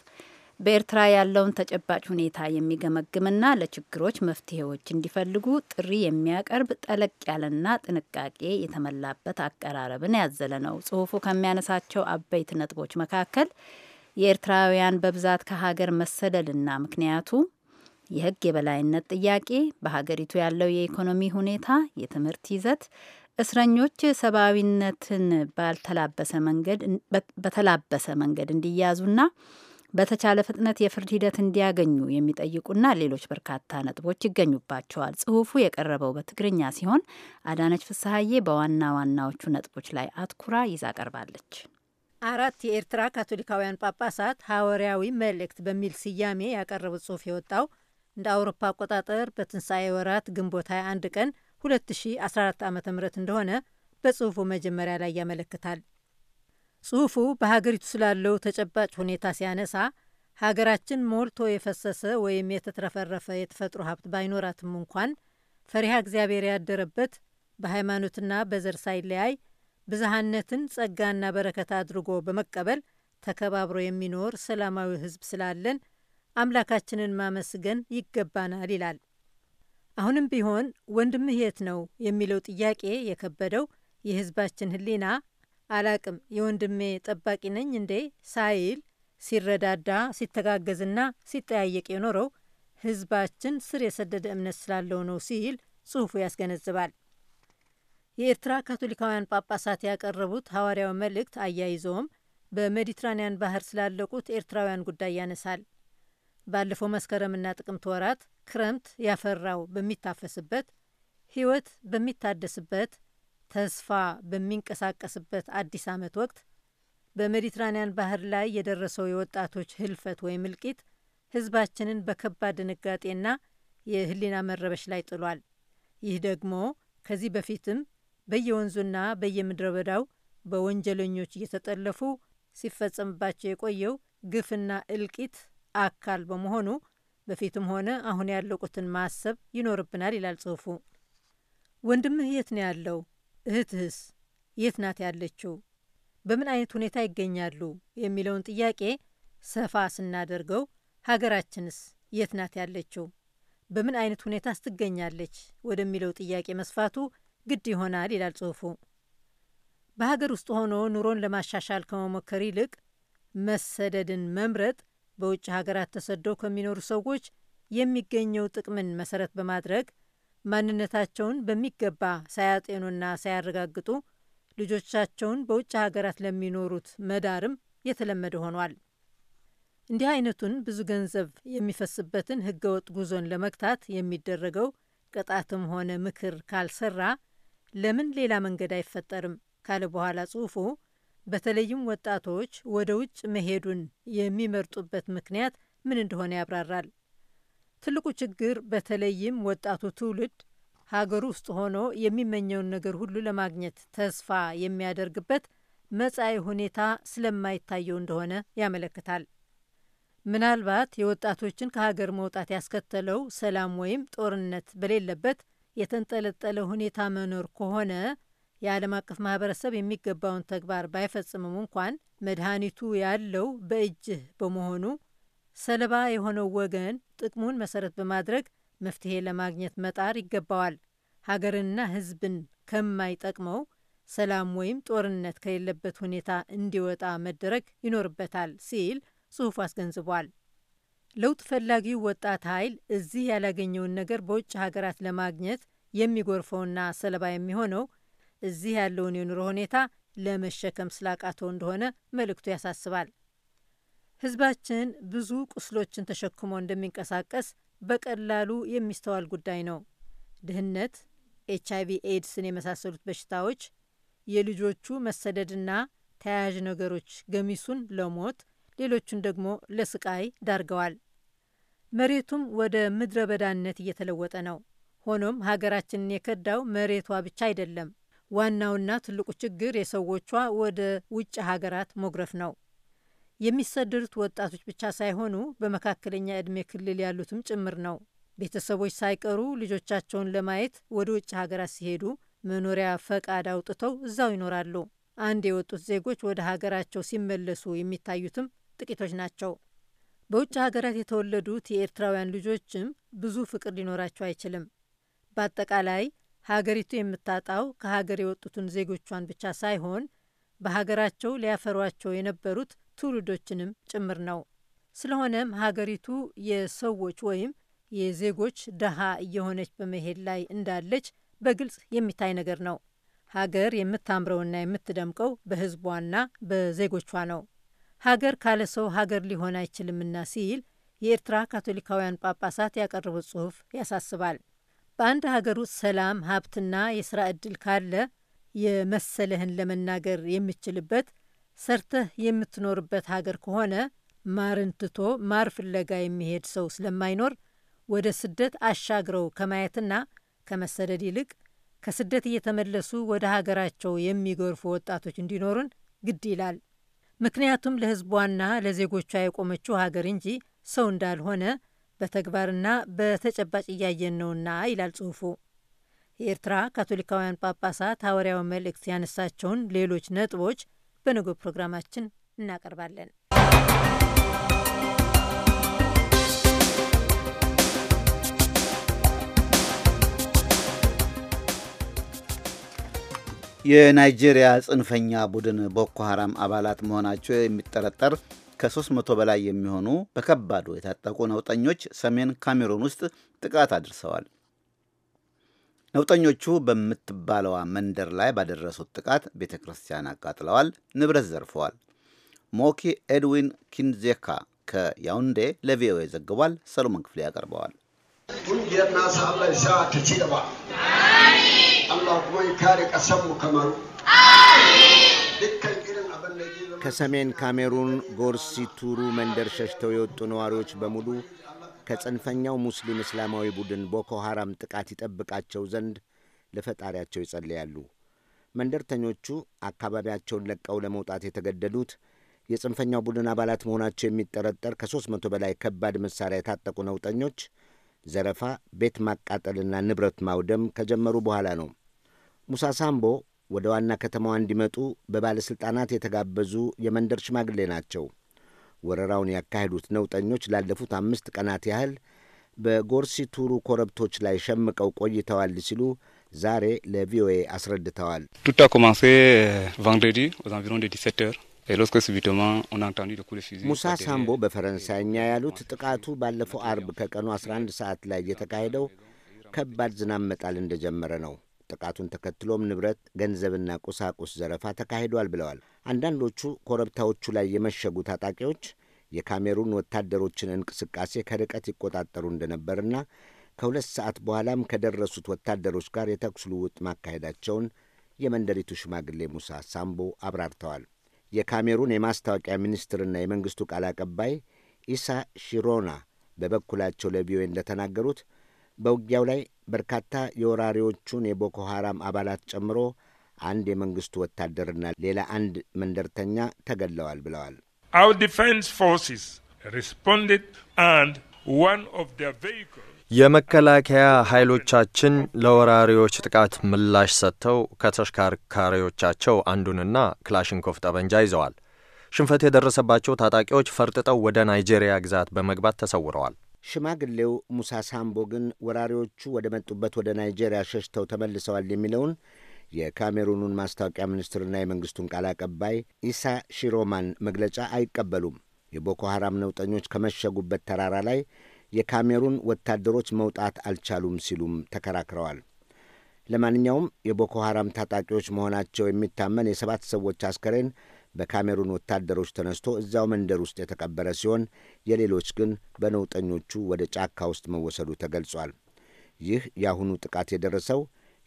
በኤርትራ ያለውን ተጨባጭ ሁኔታ የሚገመግምና ለችግሮች መፍትሄዎች እንዲፈልጉ ጥሪ የሚያቀርብ ጠለቅ ያለና ጥንቃቄ የተሞላበት አቀራረብን ያዘለ ነው። ጽሁፉ ከሚያነሳቸው አበይት ነጥቦች መካከል የኤርትራውያን በብዛት ከሀገር መሰደድና ምክንያቱ የህግ የበላይነት ጥያቄ፣ በሀገሪቱ ያለው የኢኮኖሚ ሁኔታ፣ የትምህርት ይዘት፣ እስረኞች ሰብአዊነትን ባልተላበሰ መንገድ በተላበሰ መንገድ እንዲያዙና በተቻለ ፍጥነት የፍርድ ሂደት እንዲያገኙ የሚጠይቁና ሌሎች በርካታ ነጥቦች ይገኙባቸዋል። ጽሁፉ የቀረበው በትግርኛ ሲሆን አዳነች ፍስሀዬ በዋና ዋናዎቹ ነጥቦች ላይ አትኩራ ይዛ ቀርባለች። አራት የኤርትራ ካቶሊካውያን ጳጳሳት ሐዋርያዊ መልእክት በሚል ስያሜ ያቀረቡት ጽሑፍ የወጣው እንደ አውሮፓ አቆጣጠር በትንሣኤ ወራት ግንቦት 21 ቀን 2014 ዓ ም እንደሆነ በጽሑፉ መጀመሪያ ላይ ያመለክታል። ጽሑፉ በሀገሪቱ ስላለው ተጨባጭ ሁኔታ ሲያነሳ ሀገራችን ሞልቶ የፈሰሰ ወይም የተትረፈረፈ የተፈጥሮ ሀብት ባይኖራትም እንኳን ፈሪሃ እግዚአብሔር ያደረበት በሃይማኖትና በዘር ሳይለያይ ብዝሃነትን ጸጋና በረከት አድርጎ በመቀበል ተከባብሮ የሚኖር ሰላማዊ ህዝብ ስላለን አምላካችንን ማመስገን ይገባናል ይላል። አሁንም ቢሆን ወንድምህ የት ነው የሚለው ጥያቄ የከበደው የህዝባችን ህሊና አላቅም የወንድሜ ጠባቂ ነኝ እንዴ ሳይል ሲረዳዳ ሲተጋገዝና ሲጠያየቅ የኖረው ህዝባችን ስር የሰደደ እምነት ስላለው ነው ሲል ጽሑፉ ያስገነዝባል። የኤርትራ ካቶሊካውያን ጳጳሳት ያቀረቡት ሐዋርያዊ መልእክት አያይዘውም በሜዲትራንያን ባህር ስላለቁት ኤርትራውያን ጉዳይ ያነሳል። ባለፈው መስከረምና ጥቅምት ወራት ክረምት ያፈራው በሚታፈስበት፣ ሕይወት በሚታደስበት፣ ተስፋ በሚንቀሳቀስበት አዲስ ዓመት ወቅት በሜዲትራንያን ባህር ላይ የደረሰው የወጣቶች ህልፈት ወይም እልቂት ህዝባችንን በከባድ ድንጋጤና የህሊና መረበሽ ላይ ጥሏል። ይህ ደግሞ ከዚህ በፊትም በየወንዙና በየምድረ በዳው በወንጀለኞች እየተጠለፉ ሲፈጸምባቸው የቆየው ግፍና እልቂት አካል በመሆኑ በፊትም ሆነ አሁን ያለቁትን ማሰብ ይኖርብናል ይላል ጽሑፉ። ወንድምህ የት ነው ያለው? እህትህስ የት ናት ያለችው? በምን አይነት ሁኔታ ይገኛሉ? የሚለውን ጥያቄ ሰፋ ስናደርገው ሀገራችንስ የት ናት ያለችው? በምን አይነት ሁኔታስ ትገኛለች? ወደሚለው ጥያቄ መስፋቱ ግድ ይሆናል ይላል ጽሑፉ። በሀገር ውስጥ ሆኖ ኑሮን ለማሻሻል ከመሞከር ይልቅ መሰደድን መምረጥ በውጭ ሀገራት ተሰደው ከሚኖሩ ሰዎች የሚገኘው ጥቅምን መሰረት በማድረግ ማንነታቸውን በሚገባ ሳያጤኑና ሳያረጋግጡ ልጆቻቸውን በውጭ ሀገራት ለሚኖሩት መዳርም የተለመደ ሆኗል። እንዲህ አይነቱን ብዙ ገንዘብ የሚፈስበትን ህገወጥ ጉዞን ለመግታት የሚደረገው ቅጣትም ሆነ ምክር ካልሰራ ለምን ሌላ መንገድ አይፈጠርም ካለ በኋላ ጽሁፉ በተለይም ወጣቶች ወደ ውጭ መሄዱን የሚመርጡበት ምክንያት ምን እንደሆነ ያብራራል። ትልቁ ችግር በተለይም ወጣቱ ትውልድ ሀገር ውስጥ ሆኖ የሚመኘውን ነገር ሁሉ ለማግኘት ተስፋ የሚያደርግበት መጻኢ ሁኔታ ስለማይታየው እንደሆነ ያመለክታል። ምናልባት የወጣቶችን ከሀገር መውጣት ያስከተለው ሰላም ወይም ጦርነት በሌለበት የተንጠለጠለ ሁኔታ መኖር ከሆነ የዓለም አቀፍ ማህበረሰብ የሚገባውን ተግባር ባይፈጽምም እንኳን መድኃኒቱ ያለው በእጅህ በመሆኑ ሰለባ የሆነው ወገን ጥቅሙን መሰረት በማድረግ መፍትሄ ለማግኘት መጣር ይገባዋል። ሀገርንና ሕዝብን ከማይጠቅመው ሰላም ወይም ጦርነት ከሌለበት ሁኔታ እንዲወጣ መደረግ ይኖርበታል ሲል ጽሑፉ አስገንዝቧል። ለውጥ ፈላጊው ወጣት ኃይል እዚህ ያላገኘውን ነገር በውጭ ሀገራት ለማግኘት የሚጎርፈውና ሰለባ የሚሆነው እዚህ ያለውን የኑሮ ሁኔታ ለመሸከም ስላቃተው እንደሆነ መልእክቱ ያሳስባል። ህዝባችን ብዙ ቁስሎችን ተሸክሞ እንደሚንቀሳቀስ በቀላሉ የሚስተዋል ጉዳይ ነው። ድህነት፣ ኤች አይቪ ኤድስን የመሳሰሉት በሽታዎች፣ የልጆቹ መሰደድና ተያያዥ ነገሮች ገሚሱን ለሞት ሌሎቹን ደግሞ ለስቃይ ዳርገዋል። መሬቱም ወደ ምድረ በዳነት እየተለወጠ ነው። ሆኖም ሀገራችንን የከዳው መሬቷ ብቻ አይደለም። ዋናውና ትልቁ ችግር የሰዎቿ ወደ ውጭ ሀገራት ሞግረፍ ነው። የሚሰደዱት ወጣቶች ብቻ ሳይሆኑ በመካከለኛ ዕድሜ ክልል ያሉትም ጭምር ነው። ቤተሰቦች ሳይቀሩ ልጆቻቸውን ለማየት ወደ ውጭ ሀገራት ሲሄዱ መኖሪያ ፈቃድ አውጥተው እዛው ይኖራሉ። አንድ የወጡት ዜጎች ወደ ሀገራቸው ሲመለሱ የሚታዩትም ጥቂቶች ናቸው። በውጭ ሀገራት የተወለዱት የኤርትራውያን ልጆችም ብዙ ፍቅር ሊኖራቸው አይችልም። በአጠቃላይ ሀገሪቱ የምታጣው ከሀገር የወጡትን ዜጎቿን ብቻ ሳይሆን በሀገራቸው ሊያፈሯቸው የነበሩት ትውልዶችንም ጭምር ነው። ስለሆነም ሀገሪቱ የሰዎች ወይም የዜጎች ደሃ እየሆነች በመሄድ ላይ እንዳለች በግልጽ የሚታይ ነገር ነው። ሀገር የምታምረውና የምትደምቀው በህዝቧና በዜጎቿ ነው። ሀገር ካለ ሰው ሀገር ሊሆን አይችልምና ሲል የኤርትራ ካቶሊካውያን ጳጳሳት ያቀረቡት ጽሑፍ ያሳስባል። በአንድ ሀገር ውስጥ ሰላም፣ ሀብትና የሥራ ዕድል ካለ የመሰለህን ለመናገር የምችልበት ሰርተህ የምትኖርበት ሀገር ከሆነ ማርን ትቶ ማር ፍለጋ የሚሄድ ሰው ስለማይኖር ወደ ስደት አሻግረው ከማየትና ከመሰደድ ይልቅ ከስደት እየተመለሱ ወደ ሀገራቸው የሚጎርፉ ወጣቶች እንዲኖሩን ግድ ይላል። ምክንያቱም ለሕዝቧና ለዜጎቿ የቆመችው ሀገር እንጂ ሰው እንዳልሆነ በተግባርና በተጨባጭ እያየን ነውና ይላል ጽሑፉ። የኤርትራ ካቶሊካውያን ጳጳሳት ሐዋርያዊ መልእክት ያነሳቸውን ሌሎች ነጥቦች በነገው ፕሮግራማችን እናቀርባለን። የናይጄሪያ ጽንፈኛ ቡድን ቦኮ ሀራም አባላት መሆናቸው የሚጠረጠር ከ300 በላይ የሚሆኑ በከባዱ የታጠቁ ነውጠኞች ሰሜን ካሜሩን ውስጥ ጥቃት አድርሰዋል። ነውጠኞቹ በምትባለዋ መንደር ላይ ባደረሱት ጥቃት ቤተ ክርስቲያን አቃጥለዋል፣ ንብረት ዘርፈዋል። ሞኪ ኤድዊን ኪንዜካ ከያውንዴ ለቪኦኤ ዘግቧል። ሰሎሞን ክፍሌ ያቀርበዋል። ከሰሜን ካሜሩን ጎርሲቱሩ መንደር ሸሽተው የወጡ ነዋሪዎች በሙሉ ከጽንፈኛው ሙስሊም እስላማዊ ቡድን ቦኮ ሐራም ጥቃት ይጠብቃቸው ዘንድ ለፈጣሪያቸው ይጸልያሉ። መንደርተኞቹ አካባቢያቸውን ለቀው ለመውጣት የተገደዱት የጽንፈኛው ቡድን አባላት መሆናቸው የሚጠረጠር ከሦስት መቶ በላይ ከባድ መሣሪያ የታጠቁ ነውጠኞች ዘረፋ፣ ቤት ማቃጠልና ንብረት ማውደም ከጀመሩ በኋላ ነው። ሙሳ ሳምቦ ወደ ዋና ከተማዋ እንዲመጡ በባለሥልጣናት የተጋበዙ የመንደር ሽማግሌ ናቸው። ወረራውን ያካሄዱት ነውጠኞች ላለፉት አምስት ቀናት ያህል በጎርሲቱሩ ኮረብቶች ላይ ሸምቀው ቆይተዋል ሲሉ ዛሬ ለቪኦኤ አስረድተዋል። ቱታ ኮማንሴ ቫንድሬዲ ኦዝ አንቪሮን ደ 17 ሙሳ ሳምቦ በፈረንሳይኛ ያሉት ጥቃቱ ባለፈው አርብ ከቀኑ 11 ሰዓት ላይ የተካሄደው ከባድ ዝናብ መጣል እንደጀመረ ነው። ጥቃቱን ተከትሎም ንብረት፣ ገንዘብና ቁሳቁስ ዘረፋ ተካሂዷል ብለዋል። አንዳንዶቹ ኮረብታዎቹ ላይ የመሸጉ ታጣቂዎች የካሜሩን ወታደሮችን እንቅስቃሴ ከርቀት ይቆጣጠሩ እንደነበርና ከሁለት ሰዓት በኋላም ከደረሱት ወታደሮች ጋር የተኩስ ልውውጥ ማካሄዳቸውን የመንደሪቱ ሽማግሌ ሙሳ ሳምቦ አብራርተዋል። የካሜሩን የማስታወቂያ ሚኒስትርና የመንግሥቱ ቃል አቀባይ ኢሳ ሺሮና በበኩላቸው ለቪኦኤ እንደተናገሩት በውጊያው ላይ በርካታ የወራሪዎቹን የቦኮ ሐራም አባላት ጨምሮ አንድ የመንግሥቱ ወታደርና ሌላ አንድ መንደርተኛ ተገድለዋል ብለዋል። አውር ዲፌንስ ፎርሰስ ሪስፖንድድ አንድ ዋን ኦፍ ዜር ቬሂክልስ የመከላከያ ኃይሎቻችን ለወራሪዎች ጥቃት ምላሽ ሰጥተው ከተሽከርካሪዎቻቸው አንዱንና ክላሽንኮቭ ጠመንጃ ይዘዋል። ሽንፈት የደረሰባቸው ታጣቂዎች ፈርጥጠው ወደ ናይጄሪያ ግዛት በመግባት ተሰውረዋል። ሽማግሌው ሙሳ ሳምቦ ግን ወራሪዎቹ ወደ መጡበት ወደ ናይጄሪያ ሸሽተው ተመልሰዋል የሚለውን የካሜሩኑን ማስታወቂያ ሚኒስትርና የመንግስቱን ቃል አቀባይ ኢሳ ሺሮማን መግለጫ አይቀበሉም። የቦኮ ሐራም ነውጠኞች ከመሸጉበት ተራራ ላይ የካሜሩን ወታደሮች መውጣት አልቻሉም ሲሉም ተከራክረዋል። ለማንኛውም የቦኮ ሐራም ታጣቂዎች መሆናቸው የሚታመን የሰባት ሰዎች አስከሬን በካሜሩን ወታደሮች ተነስቶ እዚያው መንደር ውስጥ የተቀበረ ሲሆን የሌሎች ግን በነውጠኞቹ ወደ ጫካ ውስጥ መወሰዱ ተገልጿል። ይህ የአሁኑ ጥቃት የደረሰው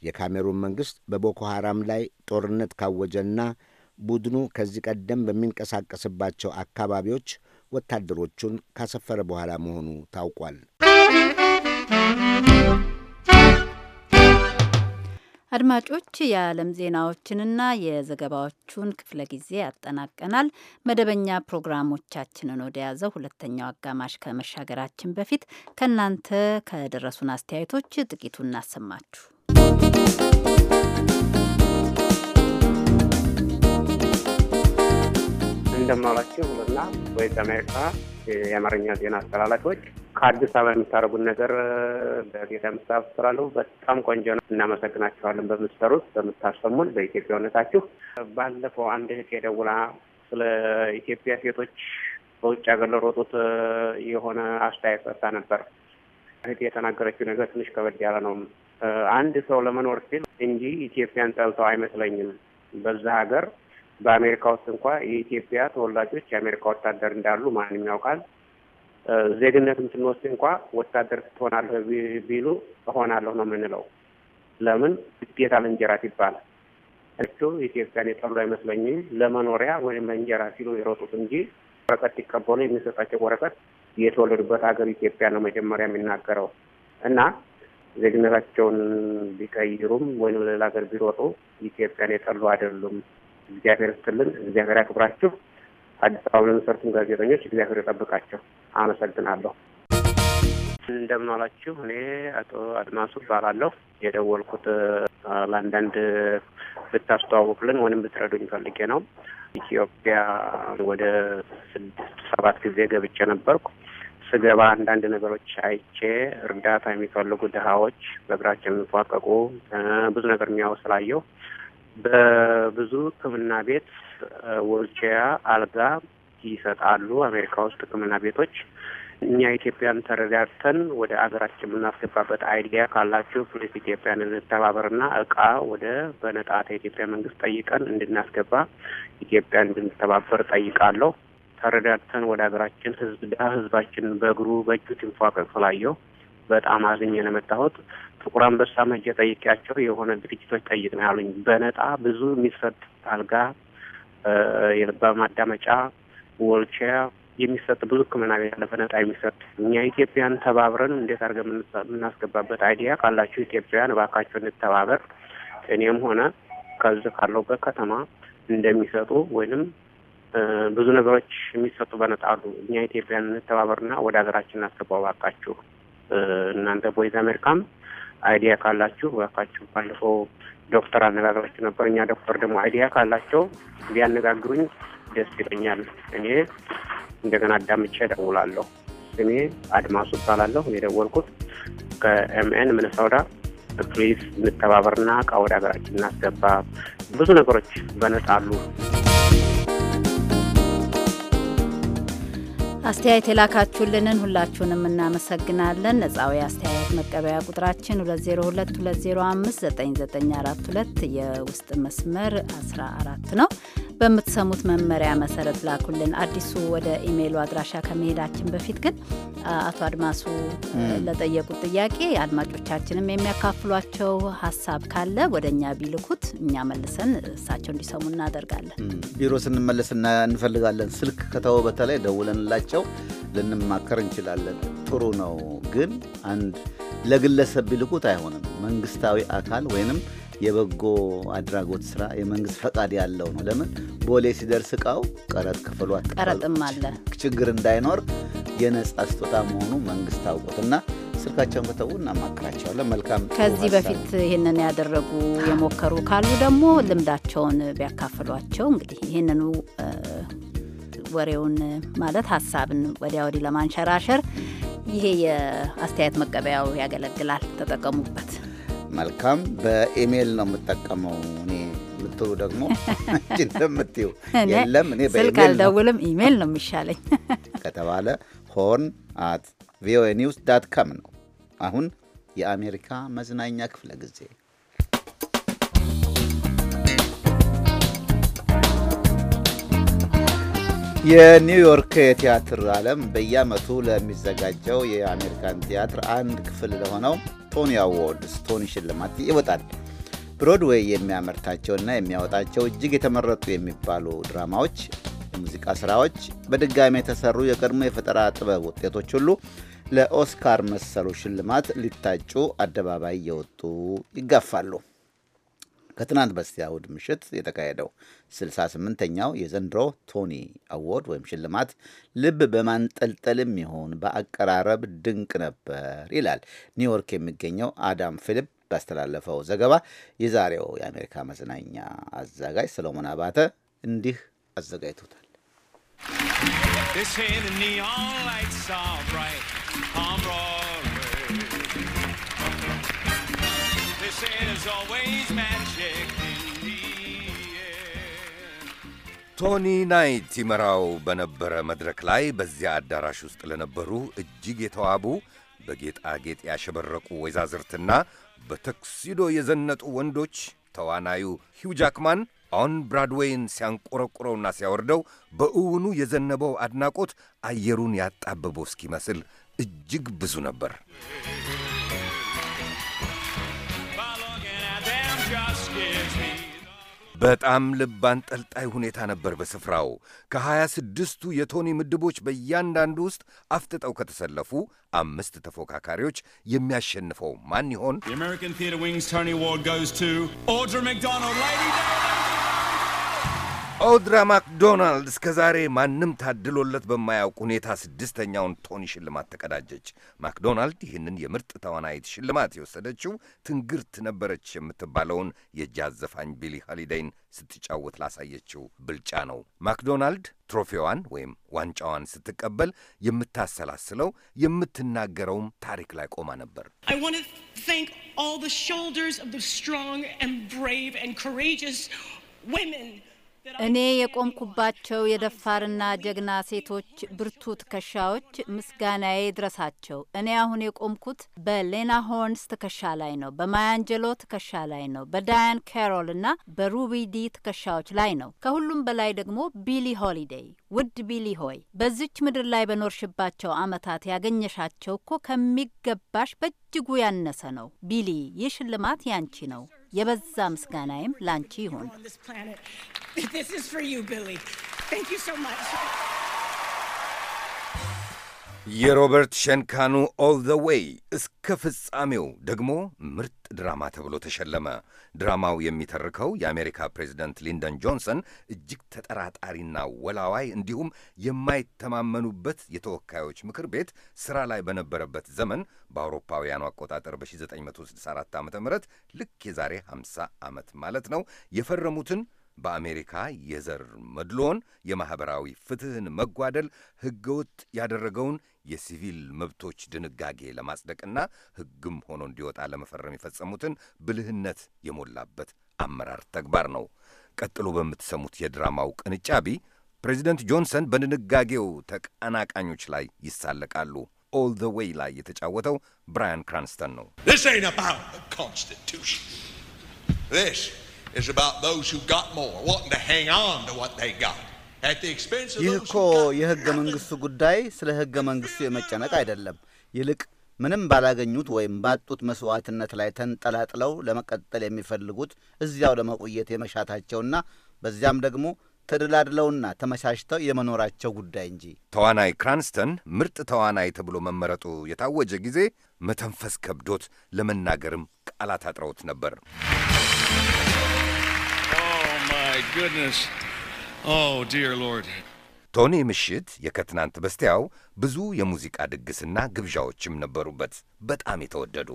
የካሜሩን መንግሥት በቦኮ ሐራም ላይ ጦርነት ካወጀና ቡድኑ ከዚህ ቀደም በሚንቀሳቀስባቸው አካባቢዎች ወታደሮቹን ካሰፈረ በኋላ መሆኑ ታውቋል። አድማጮች የዓለም ዜናዎችንና የዘገባዎቹን ክፍለ ጊዜ ያጠናቀናል። መደበኛ ፕሮግራሞቻችንን ወደ ያዘ ሁለተኛው አጋማሽ ከመሻገራችን በፊት ከእናንተ ከደረሱን አስተያየቶች ጥቂቱ እናሰማችሁ። እንደምናላችሁ እና ወይ አሜሪካ የአማርኛ ዜና አስተላላፊዎች ከአዲስ አበባ የሚታረጉን ነገር በቤተ ምሳ ስራሉ በጣም ቆንጆ ነው። እናመሰግናችኋለን በምትሰሩት በምታሰሙን በኢትዮጵያ እውነታችሁ። ባለፈው አንድ እህት የደውላ ስለ ኢትዮጵያ ሴቶች በውጭ ሀገር ለሮጡት የሆነ አስተያየት ሰጥታ ነበር። እህት የተናገረችው ነገር ትንሽ ከበድ ያለ ነው። አንድ ሰው ለመኖር ሲል እንጂ ኢትዮጵያን ጠልተው አይመስለኝም በዛ ሀገር በአሜሪካ ውስጥ እንኳ የኢትዮጵያ ተወላጆች የአሜሪካ ወታደር እንዳሉ ማንም ያውቃል። ዜግነትም ስንወስድ እንኳ ወታደር ትሆናለህ ቢሉ እሆናለሁ ነው የምንለው። ለምን ግዴታ ለእንጀራት ይባላል። እ ኢትዮጵያን የጠሉ አይመስለኝም። ለመኖሪያ ወይም ለእንጀራ ሲሉ የሮጡት እንጂ ወረቀት ሲቀበሉ የሚሰጣቸው ወረቀት የተወለዱበት ሀገር ኢትዮጵያ ነው መጀመሪያ የሚናገረው እና ዜግነታቸውን ቢቀይሩም ወይም ሌላ ሀገር ቢሮጡ ኢትዮጵያን የጠሉ አይደሉም። እግዚአብሔር ይስጥልን፣ እግዚአብሔር ያክብራችሁ። አዲስ አበባ ለሚሰርቱን ጋዜጠኞች እግዚአብሔር ይጠብቃቸው። አመሰግናለሁ። እንደምን እኔ አቶ አድማሱ እባላለሁ። የደወልኩት ለአንዳንድ ብታስተዋውቅልን ወይም ብትረዱኝ ፈልጌ ነው። ኢትዮጵያ ወደ ስድስት ሰባት ጊዜ ገብቼ ነበርኩ። ስገባ አንዳንድ ነገሮች አይቼ እርዳታ የሚፈልጉ ድሀዎች፣ በእግራቸው የሚፏቀቁ ብዙ ነገር የሚያው ስላየው። በብዙ ሕክምና ቤት ወልቼያ አልጋ ይሰጣሉ። አሜሪካ ውስጥ ሕክምና ቤቶች እኛ ኢትዮጵያን ተረዳድተን ወደ አገራችን የምናስገባበት አይዲያ ካላችሁ ፕሊስ ኢትዮጵያን እንተባበርና እቃ ወደ በነጣት የኢትዮጵያ መንግስት ጠይቀን እንድናስገባ ኢትዮጵያ እንድንተባበር ጠይቃለሁ። ተረዳድተን ወደ ሀገራችን ህዝብ ህዝባችን በእግሩ በእጁ ትንፏቀቅ ቀቅላየው በጣም አዝኜ ነው የመጣሁት። ጥቁር አንበሳ መጀ ጠይቄያቸው የሆነ ድርጅቶች ጠይቅ ነው ያሉኝ። በነጣ ብዙ የሚሰጥ አልጋ፣ የልባ ማዳመጫ፣ ወልቼር የሚሰጥ ብዙ ሕክምና ቤት ያለ በነጣ የሚሰጥ እኛ ኢትዮጵያን ተባብረን እንዴት አድርገን የምናስገባበት አይዲያ ካላችሁ ኢትዮጵያውያን እባካችሁ እንተባበር። እኔም ሆነ ከዚህ ካለሁበት ከተማ እንደሚሰጡ ወይንም ብዙ ነገሮች የሚሰጡ በነጣ አሉ። እኛ ኢትዮጵያን እንተባበርና ወደ ሀገራችን እናስገባው እባካችሁ። እናንተ ቦይዛ መልካም አይዲያ ካላችሁ እባካችሁ ባለፈው ዶክተር አነጋግራችሁ ነበር። እኛ ዶክተር ደግሞ አይዲያ ካላቸው ቢያነጋግሩኝ ደስ ይለኛል። እኔ እንደገና አዳምቼ እደውላለሁ። እኔ አድማሱ እባላለሁ። የደወልኩት ከኤምኤን ምንሰውዳ ፕሊዝ እንተባበርና እቃ ወደ ሀገራችን እናስገባ። ብዙ ነገሮች በነጻ አሉ። አስተያየት የላካችሁልንን ሁላችሁንም እናመሰግናለን። ነጻዊ አስተያየት መቀበያ ቁጥራችን 2059942 የውስጥ መስመር 14 ነው። በምትሰሙት መመሪያ መሰረት ላኩልን። አዲሱ ወደ ኢሜይሉ አድራሻ ከመሄዳችን በፊት ግን አቶ አድማሱ ለጠየቁት ጥያቄ አድማጮቻችንም የሚያካፍሏቸው ሀሳብ ካለ ወደ እኛ ቢልኩት እኛ መልሰን እሳቸው እንዲሰሙ እናደርጋለን። ቢሮ ስንመለስ እንፈልጋለን። ስልክ ከተወ በተለይ ደውለንላቸው ልንማከር እንችላለን። ጥሩ ነው ግን አንድ ለግለሰብ ቢልኩት አይሆንም። መንግስታዊ አካል ወይንም የበጎ አድራጎት ስራ የመንግስት ፈቃድ ያለው ነው። ለምን ቦሌ ሲደርስ እቃው ቀረጥ ክፍሏል። ቀረጥም አለ ችግር እንዳይኖር የነጻ ስጦታ መሆኑ መንግስት እና ስልካቸውን ከተዉ እናማክራቸዋለን። መልካም ከዚህ በፊት ይህንን ያደረጉ የሞከሩ ካሉ ደግሞ ልምዳቸውን ቢያካፍሏቸው እንግዲህ ይህንኑ ወሬውን ማለት ሀሳብን ወዲያ ወዲህ ለማንሸራሸር ይሄ የአስተያየት መቀበያው ያገለግላል። ተጠቀሙበት። መልካም። በኢሜይል ነው የምጠቀመው እኔ የምትሉ ደግሞ እንደምትይው የለም፣ እኔ ስልክ አልደውልም፣ ኢሜይል ነው የሚሻለኝ ከተባለ ሆን አት ቪኦኤ ኒውስ ዳት ካም ነው። አሁን የአሜሪካ መዝናኛ ክፍለ ጊዜ የኒውዮርክ የቲያትር ዓለም በየዓመቱ ለሚዘጋጀው የአሜሪካን ቲያትር አንድ ክፍል ለሆነው ስቶኒ አዋርድስ ስቶኒ ሽልማት ይወጣል። ብሮድዌይ የሚያመርታቸውና የሚያወጣቸው እጅግ የተመረጡ የሚባሉ ድራማዎች፣ የሙዚቃ ስራዎች፣ በድጋሚ የተሰሩ የቀድሞ የፈጠራ ጥበብ ውጤቶች ሁሉ ለኦስካር መሰሉ ሽልማት ሊታጩ አደባባይ እየወጡ ይጋፋሉ። ከትናንት በስቲያ እሁድ ምሽት የተካሄደው 68ኛው የዘንድሮ ቶኒ አዎርድ ወይም ሽልማት ልብ በማንጠልጠልም ይሁን በአቀራረብ ድንቅ ነበር ይላል ኒውዮርክ የሚገኘው አዳም ፊሊፕ ባስተላለፈው ዘገባ። የዛሬው የአሜሪካ መዝናኛ አዘጋጅ ሰሎሞን አባተ እንዲህ አዘጋጅቶታል። This ቶኒ ናይት ይመራው በነበረ መድረክ ላይ በዚያ አዳራሽ ውስጥ ለነበሩ እጅግ የተዋቡ በጌጣጌጥ ያሸበረቁ ወይዛዝርትና በተክሲዶ የዘነጡ ወንዶች ተዋናዩ ሂው ጃክማን ኦን ብራድዌይን ሲያንቆረቁረውና ሲያወርደው በእውኑ የዘነበው አድናቆት አየሩን ያጣበበው እስኪመስል እጅግ ብዙ ነበር። በጣም ልብ አንጠልጣይ ሁኔታ ነበር በስፍራው። ከሀያ ስድስቱ የቶኒ ምድቦች በእያንዳንዱ ውስጥ አፍጥጠው ከተሰለፉ አምስት ተፎካካሪዎች የሚያሸንፈው ማን ይሆን? ኦድራ ማክዶናልድ እስከ ዛሬ ማንም ታድሎለት በማያውቅ ሁኔታ ስድስተኛውን ቶኒ ሽልማት ተቀዳጀች። ማክዶናልድ ይህንን የምርጥ ተዋናይት ሽልማት የወሰደችው ትንግርት ነበረች የምትባለውን የጃዝ ዘፋኝ ቢሊ ሆሊደይን ስትጫወት ላሳየችው ብልጫ ነው። ማክዶናልድ ትሮፊዋን ወይም ዋንጫዋን ስትቀበል የምታሰላስለው የምትናገረውም ታሪክ ላይ ቆማ ነበር። እኔ የቆምኩባቸው የደፋርና ጀግና ሴቶች ብርቱ ትከሻዎች ምስጋናዬ ድረሳቸው። እኔ አሁን የቆምኩት በሌና ሆርንስ ትከሻ ላይ ነው፣ በማያንጀሎ ትከሻ ላይ ነው፣ በዳያን ካሮል እና በሩቢ ዲ ትከሻዎች ላይ ነው። ከሁሉም በላይ ደግሞ ቢሊ ሆሊዴይ፣ ውድ ቢሊ ሆይ በዚች ምድር ላይ በኖርሽባቸው አመታት ያገኘሻቸው እኮ ከሚገባሽ በእጅጉ ያነሰ ነው። ቢሊ፣ ይህ ሽልማት ያንቺ ነው። የበዛ ምስጋናዬም ላንቺ ይሁን። የሮበርት ሸንካኑ ኦል ዘ ዌይ እስከ ፍጻሜው ደግሞ ምርጥ ድራማ ተብሎ ተሸለመ። ድራማው የሚተርከው የአሜሪካ ፕሬዚደንት ሊንደን ጆንሰን እጅግ ተጠራጣሪና ወላዋይ እንዲሁም የማይተማመኑበት የተወካዮች ምክር ቤት ስራ ላይ በነበረበት ዘመን በአውሮፓውያኑ አቆጣጠር በ1964 ዓ ም ልክ የዛሬ 50 ዓመት ማለት ነው የፈረሙትን በአሜሪካ የዘር መድሎን፣ የማኅበራዊ ፍትሕን መጓደል ሕገወጥ ያደረገውን የሲቪል መብቶች ድንጋጌ ለማጽደቅና ሕግም ሆኖ እንዲወጣ ለመፈረም የፈጸሙትን ብልህነት የሞላበት አመራር ተግባር ነው። ቀጥሎ በምትሰሙት የድራማው ቅንጫቢ ፕሬዚደንት ጆንሰን በድንጋጌው ተቀናቃኞች ላይ ይሳለቃሉ። ኦል ዘ ዌይ ላይ የተጫወተው ብራያን ክራንስተን ነው። ይህ እኮ የህገ መንግስቱ ጉዳይ ስለ ህገ መንግስቱ የመጨነቅ አይደለም። ይልቅ ምንም ባላገኙት ወይም ባጡት መስዋዕትነት ላይ ተንጠላጥለው ለመቀጠል የሚፈልጉት እዚያው ለመቆየት የመሻታቸውና በዚያም ደግሞ ተደላድለውና ተመቻችተው የመኖራቸው ጉዳይ እንጂ። ተዋናይ ክራንስተን ምርጥ ተዋናይ ተብሎ መመረጡ የታወጀ ጊዜ መተንፈስ ከብዶት ለመናገርም ቃላት አጥረውት ነበር። goodness. Oh, dear Lord. ቶኒ ምሽት የከትናንት በስቲያው ብዙ የሙዚቃ ድግስና ግብዣዎችም ነበሩበት፣ በጣም የተወደዱ።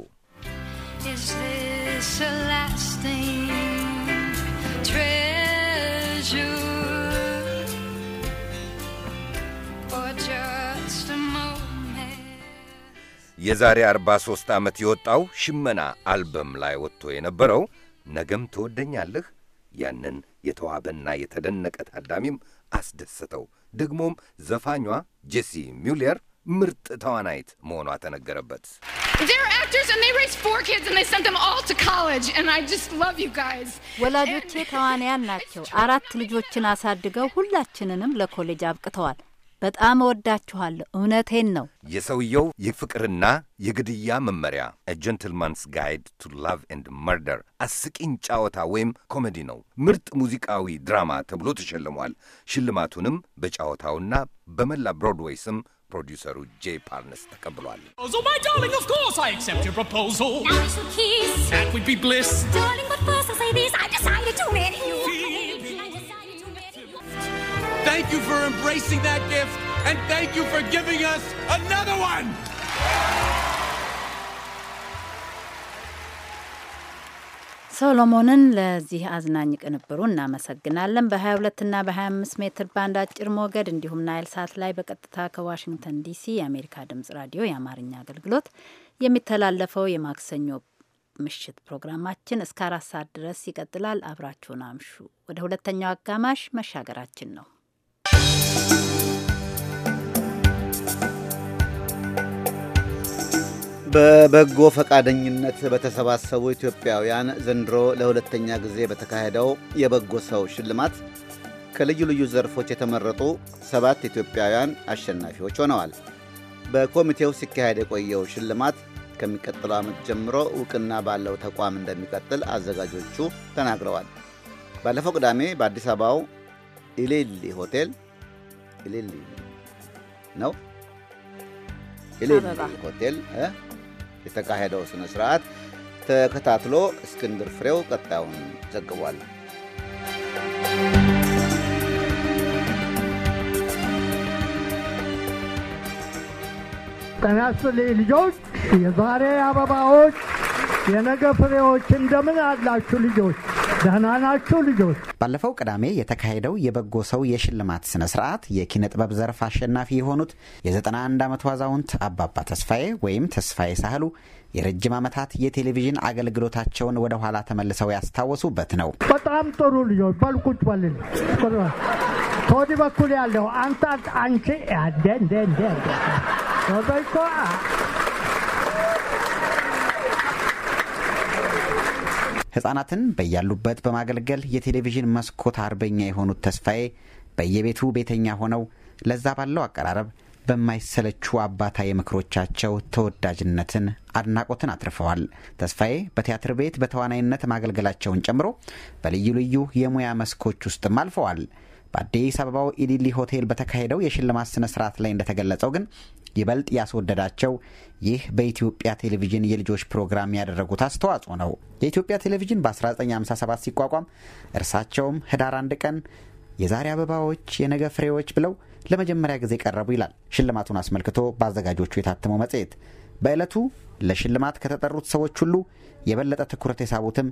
የዛሬ 43 ዓመት የወጣው ሽመና አልበም ላይ ወጥቶ የነበረው ነገም ትወደኛለህ ያንን የተዋበና የተደነቀ ታዳሚም አስደሰተው። ደግሞም ዘፋኟ ጄሲ ሚውለር ምርጥ ተዋናይት መሆኗ ተነገረበት። ወላጆቼ ተዋንያን ናቸው። አራት ልጆችን አሳድገው ሁላችንንም ለኮሌጅ አብቅተዋል። በጣም እወዳችኋለሁ። እውነቴን ነው። የሰውየው የፍቅርና የግድያ መመሪያ ጀንትልማንስ ጋይድ ቱ ላቭ ኤንድ መርደር አስቂኝ ጫወታ ወይም ኮሜዲ ነው። ምርጥ ሙዚቃዊ ድራማ ተብሎ ተሸልሟል። ሽልማቱንም በጫወታውና በመላ ብሮድዌይ ስም ፕሮዲውሰሩ ጄ ፓርነስ ተቀብሏል። Thank you for embracing that gift, and thank you for giving us another one. ሶሎሞንን ለዚህ አዝናኝ ቅንብሩ እናመሰግናለን። በ22ና በ25 ሜትር ባንድ አጭር ሞገድ እንዲሁም ናይል ሳት ላይ በቀጥታ ከዋሽንግተን ዲሲ የአሜሪካ ድምጽ ራዲዮ የአማርኛ አገልግሎት የሚተላለፈው የማክሰኞ ምሽት ፕሮግራማችን እስከ አራት ሰዓት ድረስ ይቀጥላል። አብራችሁን አምሹ። ወደ ሁለተኛው አጋማሽ መሻገራችን ነው። በበጎ ፈቃደኝነት በተሰባሰቡ ኢትዮጵያውያን ዘንድሮ ለሁለተኛ ጊዜ በተካሄደው የበጎ ሰው ሽልማት ከልዩ ልዩ ዘርፎች የተመረጡ ሰባት ኢትዮጵያውያን አሸናፊዎች ሆነዋል። በኮሚቴው ሲካሄድ የቆየው ሽልማት ከሚቀጥለው ዓመት ጀምሮ እውቅና ባለው ተቋም እንደሚቀጥል አዘጋጆቹ ተናግረዋል። ባለፈው ቅዳሜ በአዲስ አበባው ኢሌሊ ሆቴል ኢሌሊ ነው ኢሌሊ ሆቴል የተካሄደው ስነ ስርዓት ተከታትሎ እስክንድር ፍሬው ቀጣዩን ዘግቧል። ጤና ይስጥልኝ ልጆች፣ የዛሬ አበባዎች የነገ ፍሬዎች እንደምን አላችሁ ልጆች? ደህና ናችሁ ልጆች? ባለፈው ቅዳሜ የተካሄደው የበጎ ሰው የሽልማት ስነ ስርዓት የኪነ ጥበብ ዘርፍ አሸናፊ የሆኑት የ91 ዓመት አዛውንት አባባ ተስፋዬ ወይም ተስፋዬ ሳህሉ የረጅም ዓመታት የቴሌቪዥን አገልግሎታቸውን ወደ ኋላ ተመልሰው ያስታወሱበት ነው። በጣም ጥሩ ልጆች በልቁጭ በልል ከወዲህ በኩል ያለው አንተ አንቺ ህጻናትን በያሉበት በማገልገል የቴሌቪዥን መስኮት አርበኛ የሆኑት ተስፋዬ በየቤቱ ቤተኛ ሆነው ለዛ ባለው አቀራረብ በማይሰለቹ አባታዊ ምክሮቻቸው ተወዳጅነትን፣ አድናቆትን አትርፈዋል። ተስፋዬ በቲያትር ቤት በተዋናይነት ማገልገላቸውን ጨምሮ በልዩ ልዩ የሙያ መስኮች ውስጥም አልፈዋል። በአዲስ አበባው ኢሊሊ ሆቴል በተካሄደው የሽልማት ስነ ስርዓት ላይ እንደተገለጸው ግን ይበልጥ ያስወደዳቸው ይህ በኢትዮጵያ ቴሌቪዥን የልጆች ፕሮግራም ያደረጉት አስተዋጽኦ ነው። የኢትዮጵያ ቴሌቪዥን በ1957 ሲቋቋም እርሳቸውም ህዳር አንድ ቀን የዛሬ አበባዎች የነገ ፍሬዎች ብለው ለመጀመሪያ ጊዜ ቀረቡ ይላል ሽልማቱን አስመልክቶ በአዘጋጆቹ የታተመው መጽሔት። በዕለቱ ለሽልማት ከተጠሩት ሰዎች ሁሉ የበለጠ ትኩረት የሳቡትም